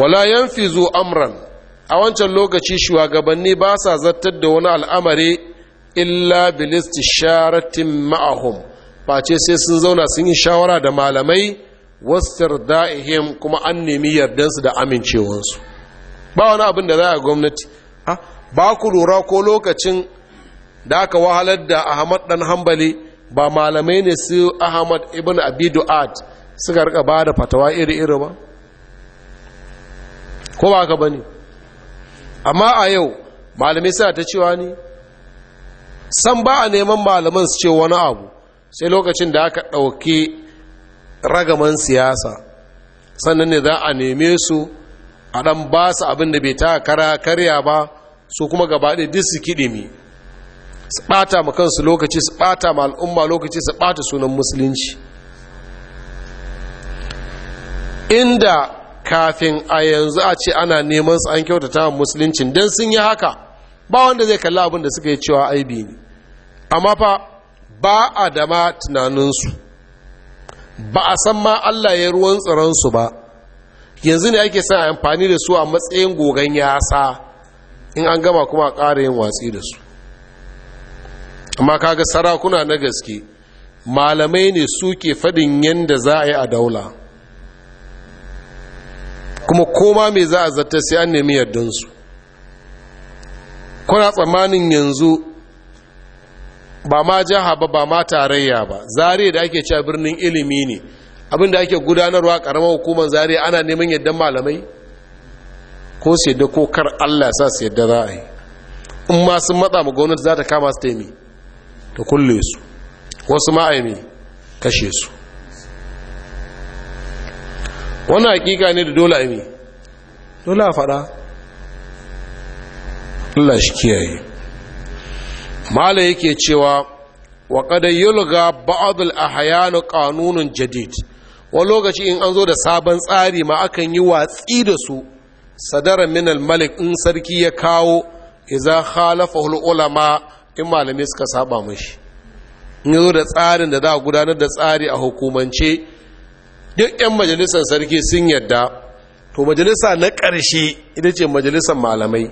wala yanfizu amran a wancan lokaci shugabanni ba sa zartar da wani al'amari illa sharatin ma'ahum face sai sun zauna sun yi shawara da malamai wastar da'ihim kuma an nemi yardansu da amincewarsu, ba wani abin da za a gwamnati ba ku lura ko lokacin da aka wahalar da ahmad dan hambali ba malamai ne su ahmad ibn Ad suka rika ba da fatawa iri-iri ba ko ba ka bane amma a yau malamai suna ta cewa ne san ba a neman malaman su ce wani abu sai lokacin da aka ɗauki ragaman siyasa sannan ne za a neme su a ɗan ba su abin da bai ta kara karya ba su kuma gaba ɗaya duk su kiɗe mi su ɓata ma kansu lokaci su ɓata ma al'umma lokaci su ɓata sunan musulunci inda kafin a yanzu a ce ana neman su an kyautata musuluncin don sun yi haka ba wanda zai kalli abin da suka yi cewa aibi ne amma fa ba a dama tunaninsu ba a san ma allah ya ruwan su ba yanzu ne ake son amfani da su a matsayin gogon yasa in an gama kuma a ƙara yin watsi da su amma kaga sarakuna na gaske malamai ne suke faɗin yadda za a yi a daula kuma koma mai za a zata sai an nemi yardansu kuna tsammanin yanzu ba ma jiha ba ba ma tarayya ba zare da ake cewa birnin ilimi ne abinda ake gudanarwa karamar hukumar zare ana neman yardan malamai ko su yadda ko kar allah sa su yadda za a yi in ma sun matsa ma gwamnati za ta kama su taimi ta kulle su wasu ma'aimi kashe su Wani hakika ne da dole aimi dole a faɗa allah shi kiyaye mala yake cewa wa kada yulga ba'adul ahyanu qanunun jadid wa lokaci in an zo da sabon tsari ma akan yi watsi da su sadara minal malik in sarki ya kawo iza khalafa ulama in malamai suka saba mashi in zo da tsarin da za a gudanar da tsari a hukumance duk 'yan majalisar sarki sun yadda to majalisa na ƙarshe ita ce majalisar malamai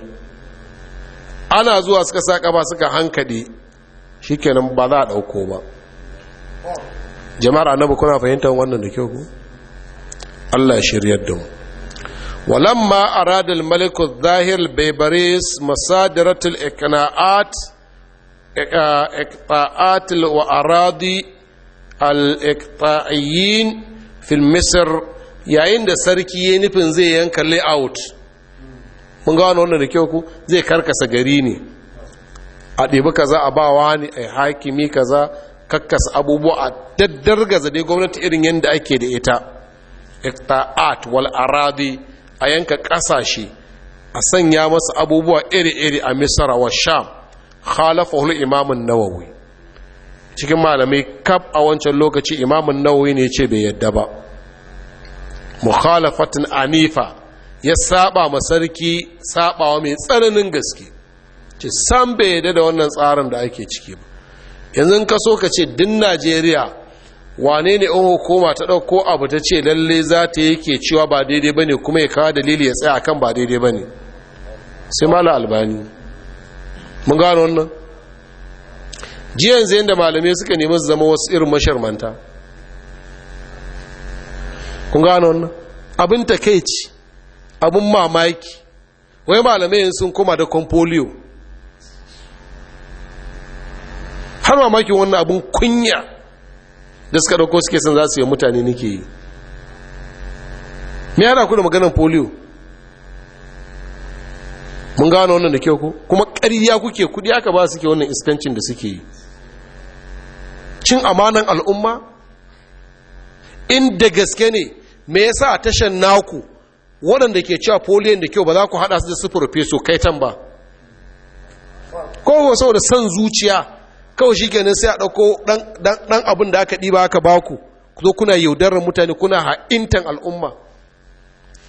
ana zuwa suka saka ba suka hankali shikenan ba za a ɗauko ba jama'ar annabi kuna fahimtar wannan da kyau ku Allah shiryar da mu ولما أراد الملك الظاهر ببريس مصادرة الإقناعات إقطاعات وأراضي الإقطاعيين في مصر yayin da sarki ya nufin zai yanka layout mun ga wani da kyau ku zai karkasa gari ne a kaza a bawa ne a hakimi kaza kakkasa abubuwa a daddar daddargaza dai gwamnati irin yadda ake da ita ikta'at wal aradi a yanka ƙasashe a sanya masa abubuwa iri-iri a misra wa sham khalafahul imamun nawawi cikin malamai kaf a wancan lokaci imamun nawawi ne ce bai yadda ba mukhalafatin anifa ya saba ma sarki sabawa mai tsananin gaske ce sam bai yadda da wannan tsarin da ake ciki ba yanzu ka so ka ce din najeriya wane ne in hukuma ta ɗauko abu ta ce lalle za ta yake cewa ba daidai ba ne kuma ya kawo dalili ya tsaya kan ba daidai ba ne sai mala albani mun gano wannan jiyan zai da malamai suka nemi su zama wasu irin masharmanta kun gano wannan abin ci abin mamaki wai malamai sun koma da kwamfoliyo har mamakin wannan abin kunya da suka suke son za su yi mutane nike yi me yana ku da maganar polio mun gano wannan da kyau ko kuma ƙarya kuke kudi aka ba suke wannan iskancin da suke yi cin amanan al'umma in da gaske ne me yasa tashan naku waɗanda ke cewa polio da kyau ba za ku haɗa su da su profeso kaitan ba ko saboda son zuciya kawai shi kenan sai a ɗauko ɗan abin da aka ɗiba aka baku zo kuna yaudarar mutane kuna ha'intan al'umma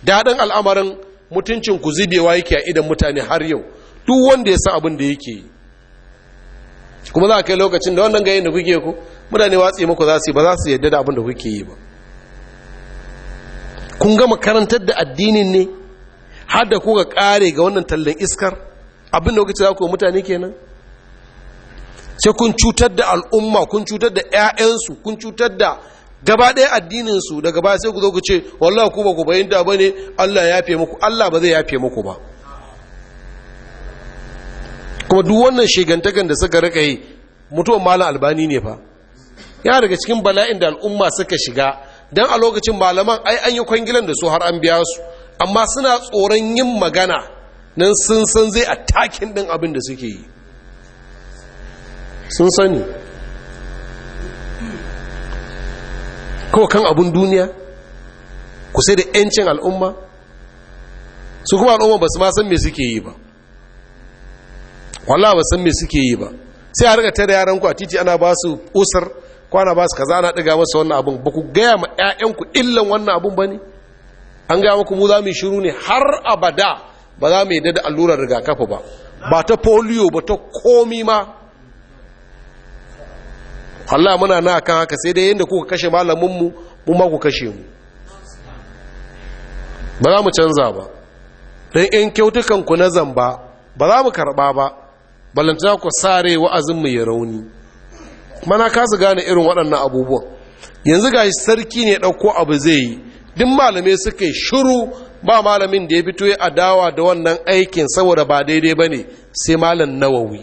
daɗin al'amarin mutuncin ku zubewa yake a idan mutane har yau duk wanda ya san abin da yake yi kuma za a kai lokacin da wannan gayin da kuke ku mutane watsi muku ba za su yadda da abin da kuke yi ba kun gama karantar da addinin ne har da kuka kare ga wannan tallan iskar abin da kuka ce za ku mutane kenan sai kun cutar da al'umma kun cutar da 'ya'yansu kun cutar da gaba ɗaya addininsu daga baya sai ku zo ku ce wallah ku ba ku bayyanta ba allah ya yafe muku allah ba zai yafe muku ba kuma duk wannan shegantakan da suka rika yi mutuwan malam albani ne fa ya daga cikin bala'in da al'umma suka shiga don a lokacin malaman ai an yi kwangilan da su har an biya su amma suna tsoron yin magana nan sun san zai a takin ɗin abin da suke yi sun sani ko kan abun duniya ku sai da 'yancin al'umma su kuma al'umma ba su ma san me suke yi ba wallawa ba san me suke yi ba sai a riga tare yaranku a titi ana ba su usar kwana ba su kaza ana ɗiga masa wannan abun ba ku gaya ma 'ya'yanku illan wannan abun ba ne an gaya maku mu za mu shiru ne har abada ba za mu yi da allurar rigakafi ba ba ta polio ba ta komi ma Allah muna na kan haka sai dai yadda kuka kashe malaminmu mu ma ku kashe mu ba za mu canza ba don in kyautukanku na zamba ba za mu karɓa ba balantana ku sare wa'azinmu ya rauni mana kasa gane irin waɗannan abubuwan yanzu ga sarki ne ɗauko abu zai yi duk malamai suka yi shuru ba malamin da ya fito ya adawa da wannan aikin saboda ba daidai ba ne sai malam nawawi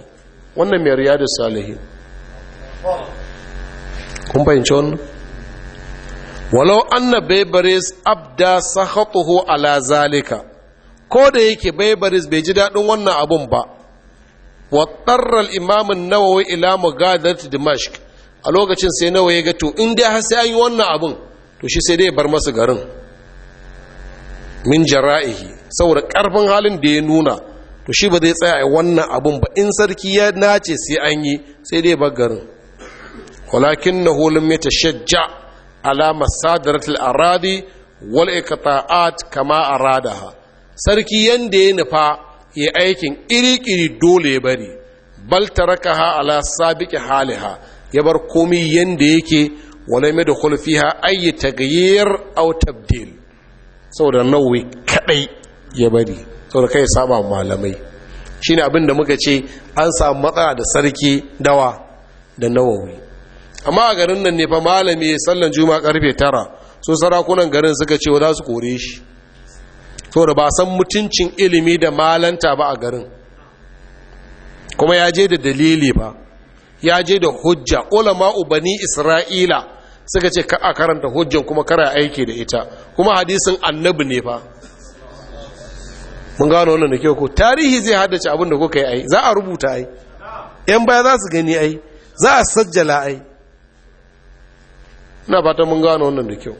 wannan mai riya da salihin kun fahimci wannan walau anna bebaris abda sakhatuhu ala zalika ko da yake bebaris bai ji daɗin wannan abun ba wa tarra al-imam an-nawawi ila da dimashq a lokacin sai nawa ya ga to in dai har sai an yi wannan abun to shi sai dai bar masa garin min jara'ihi saboda karfin halin da ya nuna to shi ba zai tsaya wannan abun ba in sarki ya nace sai an yi sai dai bar garin walakin na hulun ya tashajja ala masadaratul aradi wal iqta'at kama aradaha sarki yanda ya nufa ya aikin iri-iri dole ya bari bal tarakaha ala sabiqi haliha ya bar komai yanda yake wala mai da kulfiha ayi tagayyar aw tabdil saboda nauyi kadai ya bari saboda kai saba malamai shine abin da muka ce an samu matsala da sarki dawa da nawawi amma a garin nan ne fa malami ya sallan juma karfe tara so sarakunan garin suka ce za su kore shi da ba san mutuncin ilimi da malanta ba a garin kuma ya je da dalili ba ya je da hujja ulama bani isra'ila suka ce ka a karanta hujjan kuma kara aiki da ita kuma hadisin annabi ne fa mun gano wannan da kyau ko tarihi zai haddace abin da kuka yi ai za a rubuta ai yan baya za su gani ai za a sajjala ai ina fata mun gano wannan da kyau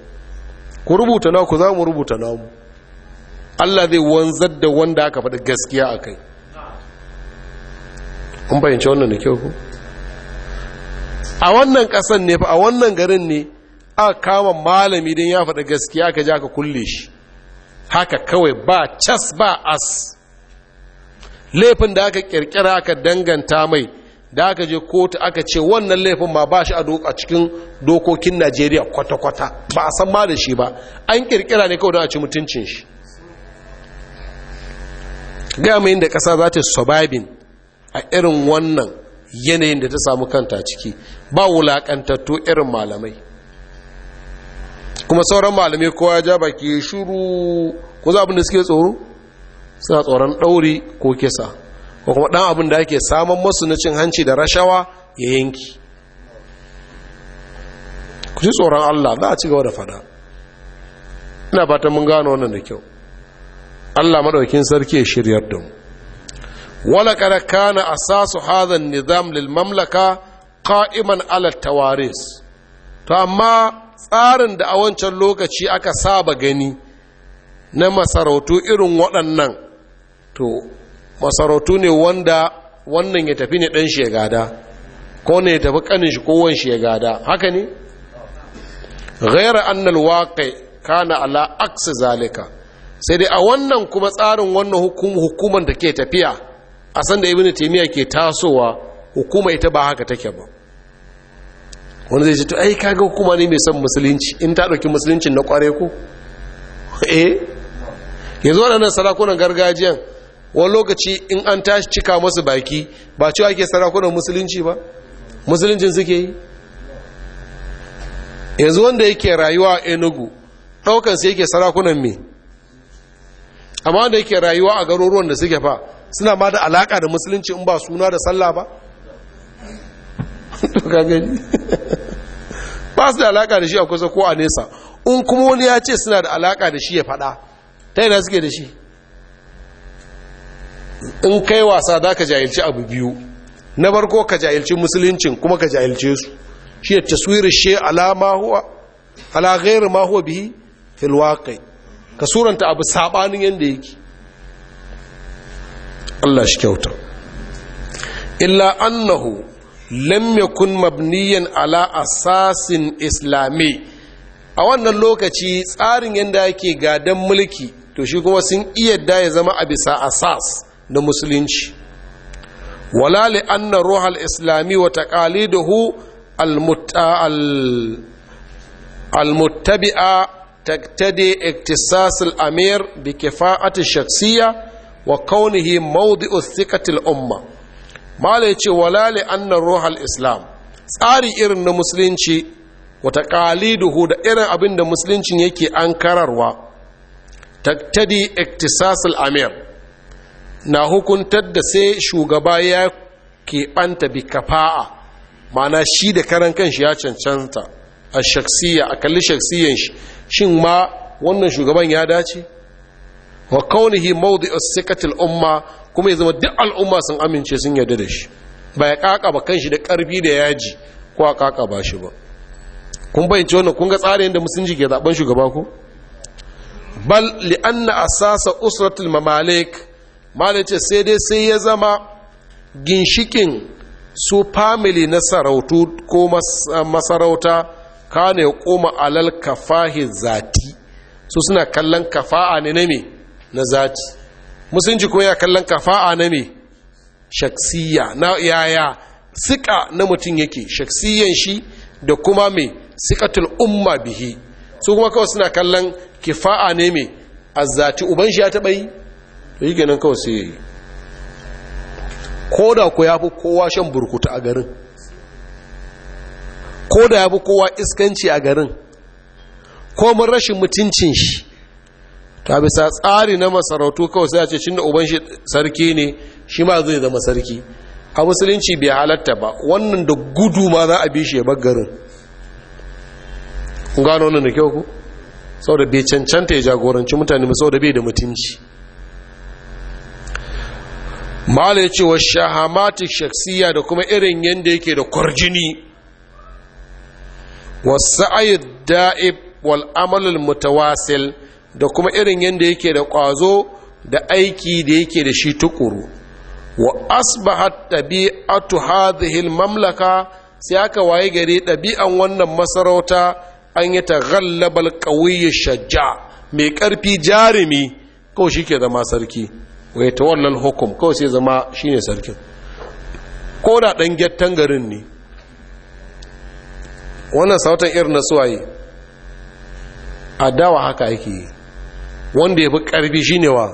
ku rubuta na ku za mu rubuta na mu Allah zai wanzar da wanda aka faɗi gaskiya a kai kun fahimci wannan da kyau ku a wannan ƙasan ne fa a wannan garin ne aka kama malami don ya faɗi gaskiya aka ji aka kulle shi haka kawai ba cas ba as laifin da aka ƙirƙira aka danganta mai da aka je kotu aka ce wannan laifin ma ba shi a cikin dokokin najeriya kwata-kwata ba a san ma da shi ba an kirkira ne kawai don a ci mutuncin shi gaya mai da ƙasa za ta surviving a irin wannan yanayin da ta samu kanta ciki ba wulaƙantattu irin malamai kuma sauran malamai kowa ja baki shuru ko za abin da suke tsoro suna tsoron ɗauri ko kisa ko kuma ɗan abin da ake samun masu na cin hanci da rashawa ya yanki ku ci tsoron allah za a ci gaba da fada ina fatan mun gano wannan da kyau allah madaukin sarki ya shiryar da mu wala kada kana asasu hadhan nizam lil mamlaka qa'iman ala tawaris to amma tsarin da a wancan lokaci aka saba gani na masarautu irin waɗannan to masarautu ne wanda wannan ya tafi ne ɗan shi ya gada ko ne ya tafi ƙanin shi kowon shegada haka ne ghaira annal waƙai kana ala aksa zalika sai dai a wannan kuma tsarin wannan hukumar da ke tafiya a san da ibnu ke tasowa hukuma ita ba haka take ba wanda zai ce to ai kaga hukuma ne mai son musulunci in ta ɗauki musuluncin na kware ku? eh yanzu waɗannan sarakunan gargajiyan wani lokaci in an tashi cika masu baki ba cewa ke sarakunan musulunci ba musuluncin suke yi yanzu wanda yake rayuwa a enugu ɗaukansu yake sarakunan me amma wanda yake rayuwa a garuruwan da suke fa suna ma da alaƙa da musulunci in ba suna da sallah ba ba su da alaƙa da shi a kusa ko a nesa in kuma wani ya ce suna da alaƙa da shi ya faɗa ta yana suke da shi in kai wasa za ka jahilci abu biyu na barko ka jahilci musuluncin kuma ka jahilce su shi ya taswiri shi ala gairu ma huwa bihi ka suranta abu sabanin yadda yake Allah shi kyauta illa annahu lam yakun mabniyan ala asasin islami a wannan lokaci tsarin yanda yake gadan mulki to shi kuma sun iya da ya zama a bisa asas na musulunci wala li ruhal islami wa taqaliduhu al-muttabi'a taqtadi iktisas al-amir bi kifa'ati shakhsiyya wa kaunihi mawdi'u thiqati umma mala yace wala li anna islam tsari irin na musulunci wa taqaliduhu da irin abinda da musulunci yake ankararwa taqtadi iktisas al-amir na hukuntar da sai shugaba ya keɓanta bi kafa'a mana shi da karan kanshi ya cancanta a shaksiya a kalli shaksiyan shi shin ma wannan shugaban ya dace wa kaunihi maudi sikatil umma kuma ya zama duk al'umma sun amince sun yarda da shi ba ya kaka ba kanshi da karfi da yaji ko a kaka ba shi ba kun bayyance wannan kun ga tsarin da musulunci ke zaben shugaba ko bal li anna asasa usratul mamalik ce sai dai sai ya zama ginshikin su famili na sarautu ko masarauta kane ya koma alal kafahi zati su suna kallon kafa'a ne na me na zati musulunci ko ya kallon kafa'a na me shaksiya na yaya suka na mutum yake shaksiyan shi da kuma me sikatul umma bihi su kuma kawai suna kallon kifa'a ne me zati uban shi ya taɓa yi to yi kenan kawai sai yi ko da ku ya fi kowa shan burkutu a garin ko da ya fi kowa iskanci a garin ko mun rashin mutuncin shi ta bisa tsari na masarautu kawai sai ya ce cinna uban shi sarki ne shi ma zai zama sarki a musulunci bai halatta ba wannan da gudu ma za a bi shi ya garin gano wannan da kyau ku sau da bai cancanta ya jagoranci mutane sau da bai da mutunci mala ya ce wa shahamatik shaksiya da kuma irin yadda yake da kwarjini wasa'ayi da'ib wal amalul mutawasil da kuma irin yadda yake da kwazo da aiki da yake da shi tukuru wa asbahat ɗabi'atu hadhihi mamlaka sai aka waye gari ɗabi'an wannan masarauta an yi ta ghallabal ƙauye shajja mai ƙarfi jarumi kawai shi ke zama sarki wai ta wallal hukum kawai sai zama shine sarkin ko da ɗan gyattan garin ne wannan sautan irin na suwaye a dawa haka yake yi wanda ya fi ƙarfi ne wa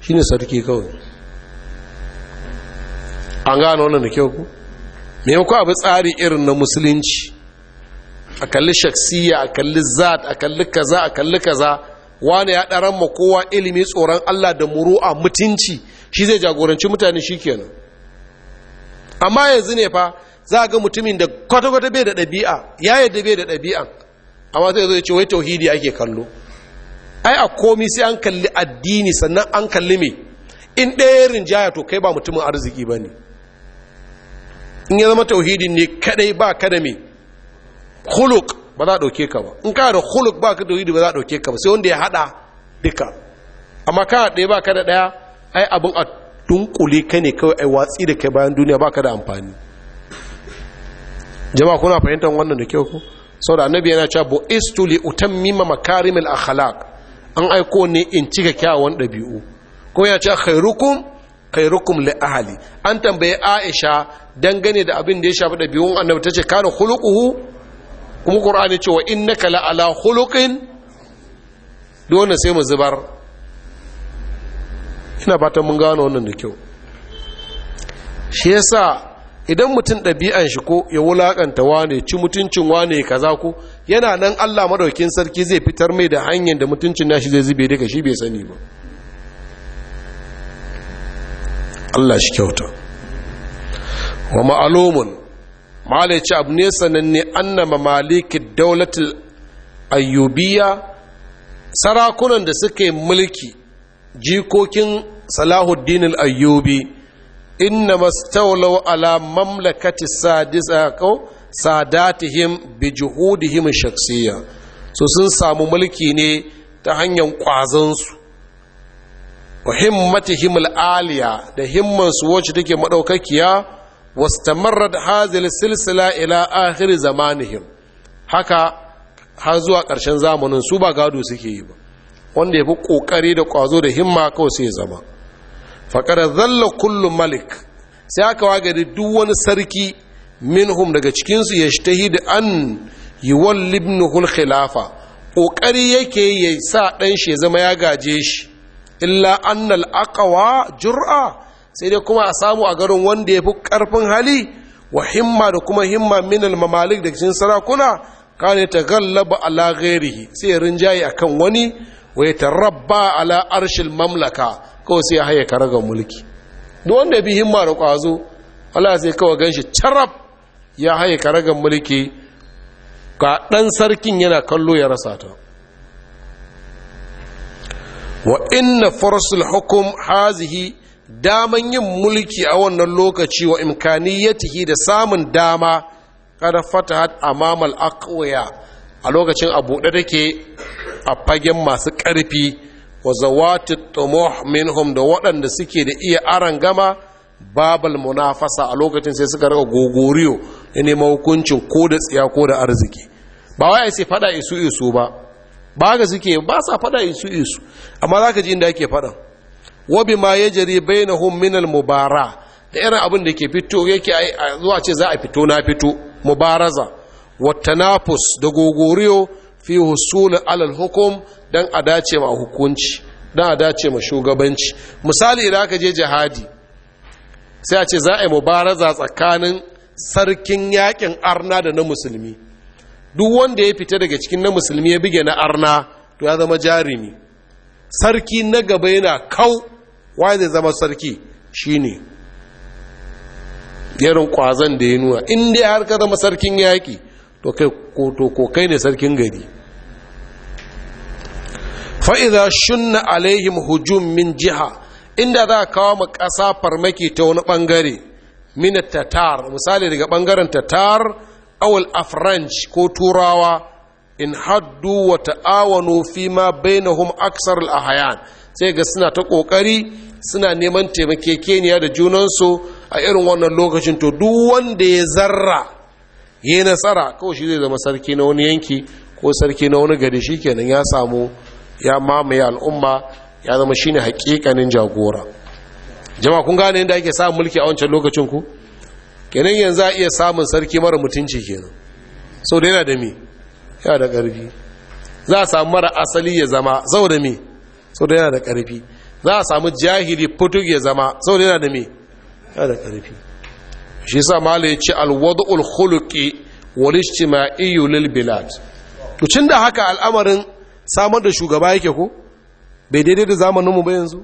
shine sarki kawai an gano wannan da kyau ku maimakon abu tsari irin na musulunci a kalli shaksiya a kalli zat a kalli kaza a kalli kaza wani ya ɗaran ma kowa ilimi tsoron Allah da muru'a mutunci shi zai jagoranci mutane shi kenan amma yanzu ne fa za ga mutumin da kwata-kwata bai da ɗabi'a ya yadda bai da ɗabi'a amma zai zo ya ce wai tauhidi ake kallo ai a komi sai an kalli addini sannan an kalli me in ɗaya rinjaya to kai ba mutumin arziki ba ne in ya zama tauhidin ne kadai ba kada me huluk ba za a ɗauke ka ba in ka da huluk ba ka tauhidi ba za a ɗauke ka ba sai wanda ya haɗa duka amma ka ɗaya ba ka da ɗaya ai abin a tunkule ka ne kawai ai watsi da kai bayan duniya ba ka da amfani jama'a kuna fahimtar wannan da kyau ku sau da annabi yana cewa bo istu li makarim makarimil akhlaq an aiko ne in cika kyawawan ɗabi'u ko ya ce khairukum khairukum li ahli an tambaye aisha dangane da abin da ya shafi ɗabi'un annabi tace kana khuluquhu kuma ƙur'ani cewa ala la'ala hulukin dole sai mu zubar ina fatan mun gano wannan da kyau shi yasa idan mutum ɗabi'an shi ko ya wulaƙanta wane ci mutuncin wane kaza ko yana nan Allah maɗaukin sarki zai fitar mai da hanyar da mutuncin nashi zai zube daga shi bai sani ba Allah shi kyauta wa ma'alumun malai ce abu ne sananne annama malikin daulatul ayyubiya sarakunan da suke mulki jikokin salahuddin al'ayyubi inna mastaulau ala mamlakati sadisako eh, sadatihim bi juhudihim shaksiya so sun samu mulki ne ta hanyar ƙwazansu wa himmatihim al'aliya da himmansu wacce take maɗaukakiya واستمرت hazil silsila ila akhir زمانهم haka har zuwa ƙarshen zamanin su ba gado suke yi ba wanda ya fi ƙoƙari da ƙwazo da himma kawai sai zama faƙar zalla kullum malik sai aka gari duk wani sarki minhum daga cikinsu ya shi da an yi wallibnuhul khilafa ƙoƙari yake ya sa ɗan shi ya zama ya gaje shi illa annal wa jur'a sai dai kuma a samu a garin wanda ya fi ƙarfin hali wa himma da kuma himma minal mamalik da cikin sarakuna kare ta gallaba ala ghairihi sai ya rinjaye akan wani wa ya tarabba ala arshil mamlaka kawai sai ya haye karaga mulki duk wanda bi himma da kwazo Allah sai kawai ganshi carab ya haye karaga mulki ga ɗan sarkin yana kallo ya rasa ta wa inna farsul hukum hazihi daman yin mulki a wannan lokaci wa imkaniyatihi da samun dama kada fatahat amamal aqwiya a lokacin abuɗe da take a fagen masu ƙarfi wa zawati tumuh minhum da waɗanda suke da iya aran gama babal munafasa a lokacin sai suka raka gogoriyo da neman hukuncin ko da tsiya ko da arziki ba wai sai fada isu isu ba ba ga suke ba sa fada isu isu amma zaka ji inda ake fadan wabi ya ya bainahum min al-mubara da irin abin da ke fito yake zuwa ce za a fito na fito mubaraza wata tanafus da gogoriyo fi husul alal hukum dan a dace ma hukunci dan a dace ma shugabanci misali idan aka je jihadi sai a ce za a yi mubaraza tsakanin sarkin yakin arna da na musulmi duk wanda ya fita daga cikin na musulmi ya bige na arna to ya zama jarimi sarki na gaba yana kau waye zai zama sarki shine yarin kwazan da ya nuna inda dai har zama sarkin yaƙi to kai ko kai ne sarkin gari Fa'ida shunna alaihim hujum min jiha inda za a kawo ma ƙasa farmaki ta wani bangare mina tatar misali daga ɓangaren tatar awal afranch ko turawa in haddu wa ta'awanu fi ma bainahum aksar al'ahayan ahyan sai ga suna ta kokari suna neman taimakekeniya da junansu a irin wannan lokacin to duk wanda ya zarra ya yi nasara kawai shi zai zama sarki na wani yanki ko sarki na wani gari shi kenan ya samu ya mamaye al'umma ya zama shine hakikanin jagora jama'a kun gane inda ake samun mulki a wancan lokacin ku kenan yanzu a iya samun sarki mara mutunci kenan sau da yana da mi, yana da ƙarfi za a samu mara asali ya zama sau da mi. sau da yana da ƙarfi za a samu jahili fituk zama sau da yana da me yana da ƙarfi shi sa mala ya ce alwad'u khuluqi wal ijtima'iyyu lil bilad to cin da haka al'amarin samar da shugaba yake ko bai daidai da zamanin mu ba yanzu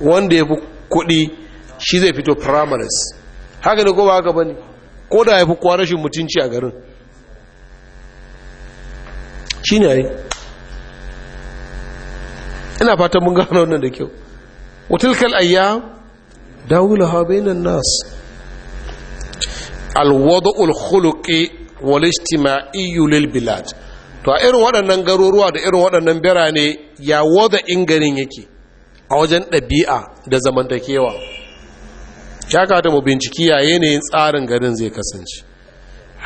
wanda ya fi kuɗi shi zai fito primaries haka ne ko ba haka ba ko da ya fi kuwa rashin mutunci a garin shi ne ina fatan mun gano wannan da kyau wutilkal Dawula, dawlaha bainan nas alwada'ul khuluqi wal ijtima'i lil bilad to a irin waɗannan garuruwa da irin waɗannan birane ya wada ingarin yake a wajen ɗabi'a da zamantakewa ya kata mu bincikiya ya yanayin tsarin garin zai kasance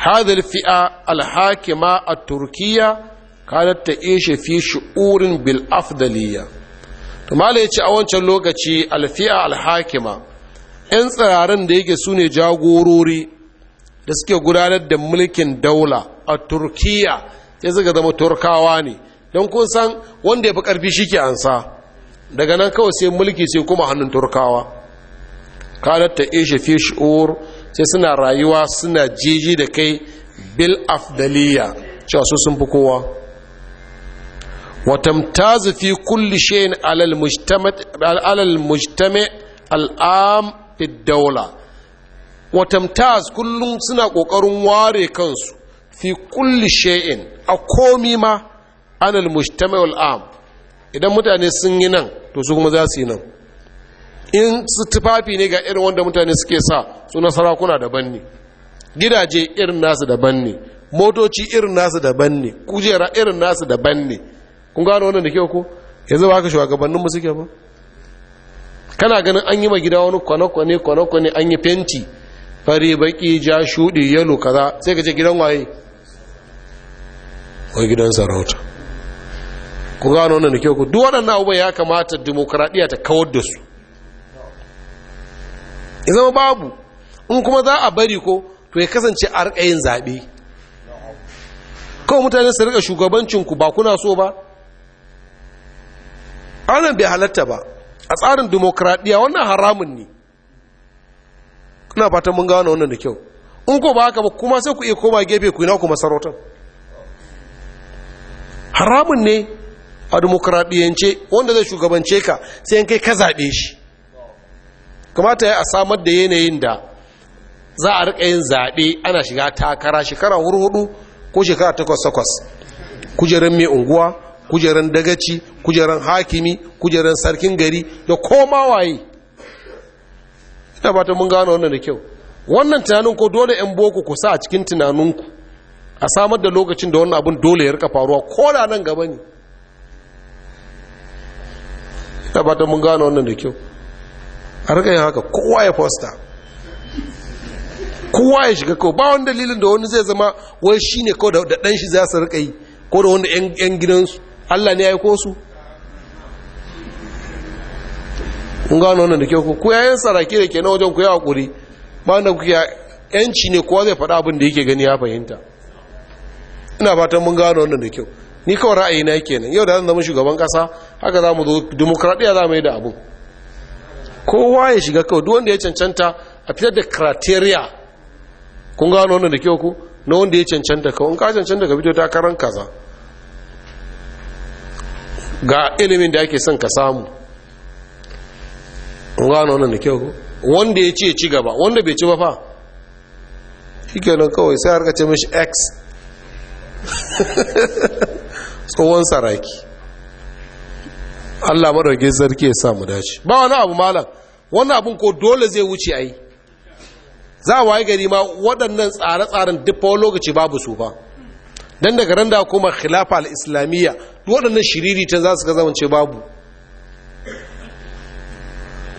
hadhihi fi'a al-hakima at-turkiyya kanat ta ishe fi shu'urin bil afdaliya to mala yace a wancan lokaci alfiya alhakima yan tsirarin da yake su ne jagorori da suke gudanar da mulkin daula a turkiya sai suka zama turkawa ne don kun san wanda ya fi karfi shi ke ansa daga nan kawai sai mulki sai kuma hannun turkawa kanat ta ishe fi shu'ur sai suna rayuwa suna jiji da kai bil afdaliya cewa su sun fi kowa wa tamtazu fi kulli shay'in alal mujtama al'am bid-dawla kullum suna kokarin ware kansu fi kulli shay'in a komi ma anal mujtama al'am idan mutane sun yi nan to su kuma za su yi nan in su tufafi ne ga irin wanda mutane suke sa suna sarakuna daban ne gidaje irin nasu daban ne motoci irin nasu ban ne kujera irin nasu daban ne kun gano wannan da kyau ko yanzu ba haka shugabanninmu suke ba kana ganin an yi ma gida wani kwane-kwane kwane-kwane an yi fenti fari baki ja shudi yalo kaza sai ka ce gidan waye wai gidan sarauta ku gano wannan da kyau ku duk waɗannan abubuwa ya kamata demokradiyya ta kawar da su ya zama babu in kuma za a bari ko to ya kasance a rikayin zaɓe kawai mutane su rika shugabancinku ba kuna so ba wannan bai halatta ba a tsarin demokradiyya wannan haramun ne kuna fatan mun gano wannan da kyau in ko ba haka ba kuma sai ku iya koma gefe ku na ku masarautar haramun ne a demokradiyyance wanda zai shugabance ka sai kai ka zaɓe shi kamata ya a samar da yanayin da za a riƙa yin zaɓe ana shiga takara shekara hurhudu ko shekara takwas-takwas kujerar mai unguwa kujeran dagaci kujeran hakimi kujeran sarkin gari da koma waye ina fata mun gano wannan da kyau wannan tunanin ko dole yan boko ku sa a cikin tunaninku a samar da lokacin da wannan abin dole ya rika faruwa ko da nan gaba ne ina fata mun gano wannan da kyau a rika yin haka kowa ya fosta kowa ya shiga kawai ba wani dalilin da wani zai zama wai shi ne kawai da ɗan shi za su rika yi ko da wani 'yan gidansu Allah ne ya aiko su kun gano wannan da kyau ku yayin sarake da ke na wajen ku yi hakuri ba ku kuke yanci ne kowa zai faɗa abin da yake gani ya fahimta ina fatan mun gano wannan da kyau ni kawai ra'ayi na kenan yau da zan zama shugaban kasa haka za mu zo demokradiyya za mu yi da abu kowa ya shiga kawai duk wanda ya cancanta a fitar da criteria kun gano wannan da kyau ku na wanda ya cancanta kawai in ka cancanta ka fito ta karan kaza ga ilimin da ake son ka samu gano nan da kyau wanda ya ce ci gaba wanda bai ci ba fa shi kenan kawai sai harka ce mashi x tsohon saraki allah marage zarki ya samu dace ba wani abu malam wannan abin ko dole zai wuce ayi. za a waye gari ma waɗannan tsare-tsaren duk lokaci babu su ba dan daga randa da kuma khilafa al-islamiyya waɗannan shiriri ta za su ga babu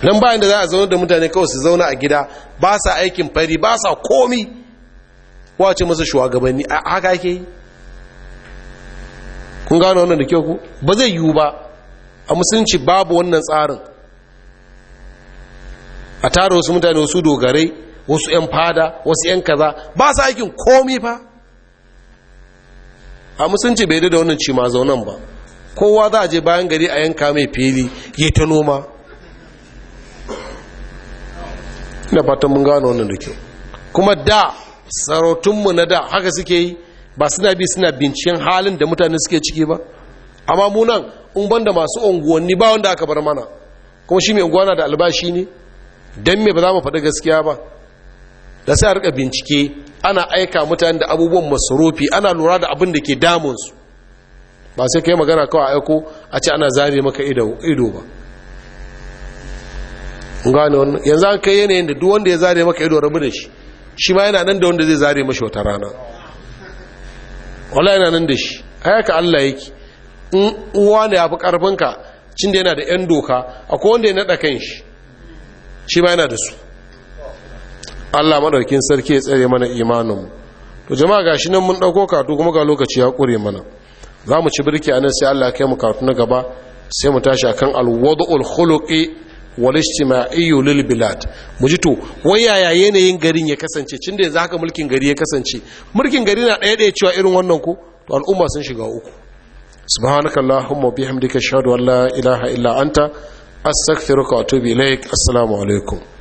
nan bayan da za a zaune da mutane kawai su zauna a gida ba sa aikin fari ba sa komi wace masa shugabanni a haka ake yi kun gano wannan da kyau ba zai yiwu ba a musulunci babu wannan tsarin a tara wasu mutane wasu dogarai wasu 'yan fada wasu 'yan kaza ba sa aikin komi fa a musulunci bai da wannan cima zaunan ba kowa za a je bayan gari a yanka mai fili yi ta noma ina fatan mun gano wannan da kyau kuma da sarautunmu na da haka suke yi ba suna bi suna binciken halin da mutane suke ciki ba amma munan in banda masu unguwanni ba wanda aka bar mana kuma shi mai na da albashi ne don me ba za mu faɗi gaskiya ba da sai a rika bincike ana aika mutane da abubuwan masarufi ana lura da abin da ke damunsu ba sai ka yi magana kawai aiko a ce ana zare maka ido ba gane wannan yanzu an kai yanayin da duk wanda ya zare maka ido rabu da shi shi ma yana nan da wanda zai zare mashi wata rana wala yana nan da shi haka Allah yake in uwa ne ya fi karfinka cin da yana da 'yan doka akwai wanda ya naɗa kan shi shi ma yana da su Allah madaukin sarki ya tsare mana imaninmu to jama'a gashi nan mun dauko katu kuma ga lokaci ya kure mana zamu ci birki anan sai Allah kai mu katu na gaba sai mu tashi akan alwadul khuluqi wal istima'i lil bilad mu ji to wayaya yanayin garin ya kasance cin da zaka mulkin gari ya kasance mulkin gari na daya daya cewa irin wannan ku, to al'umma sun shiga uku subhanakallahumma bihamdika ashhadu an la ilaha illa anta astaghfiruka wa atubu ilaik assalamu alaikum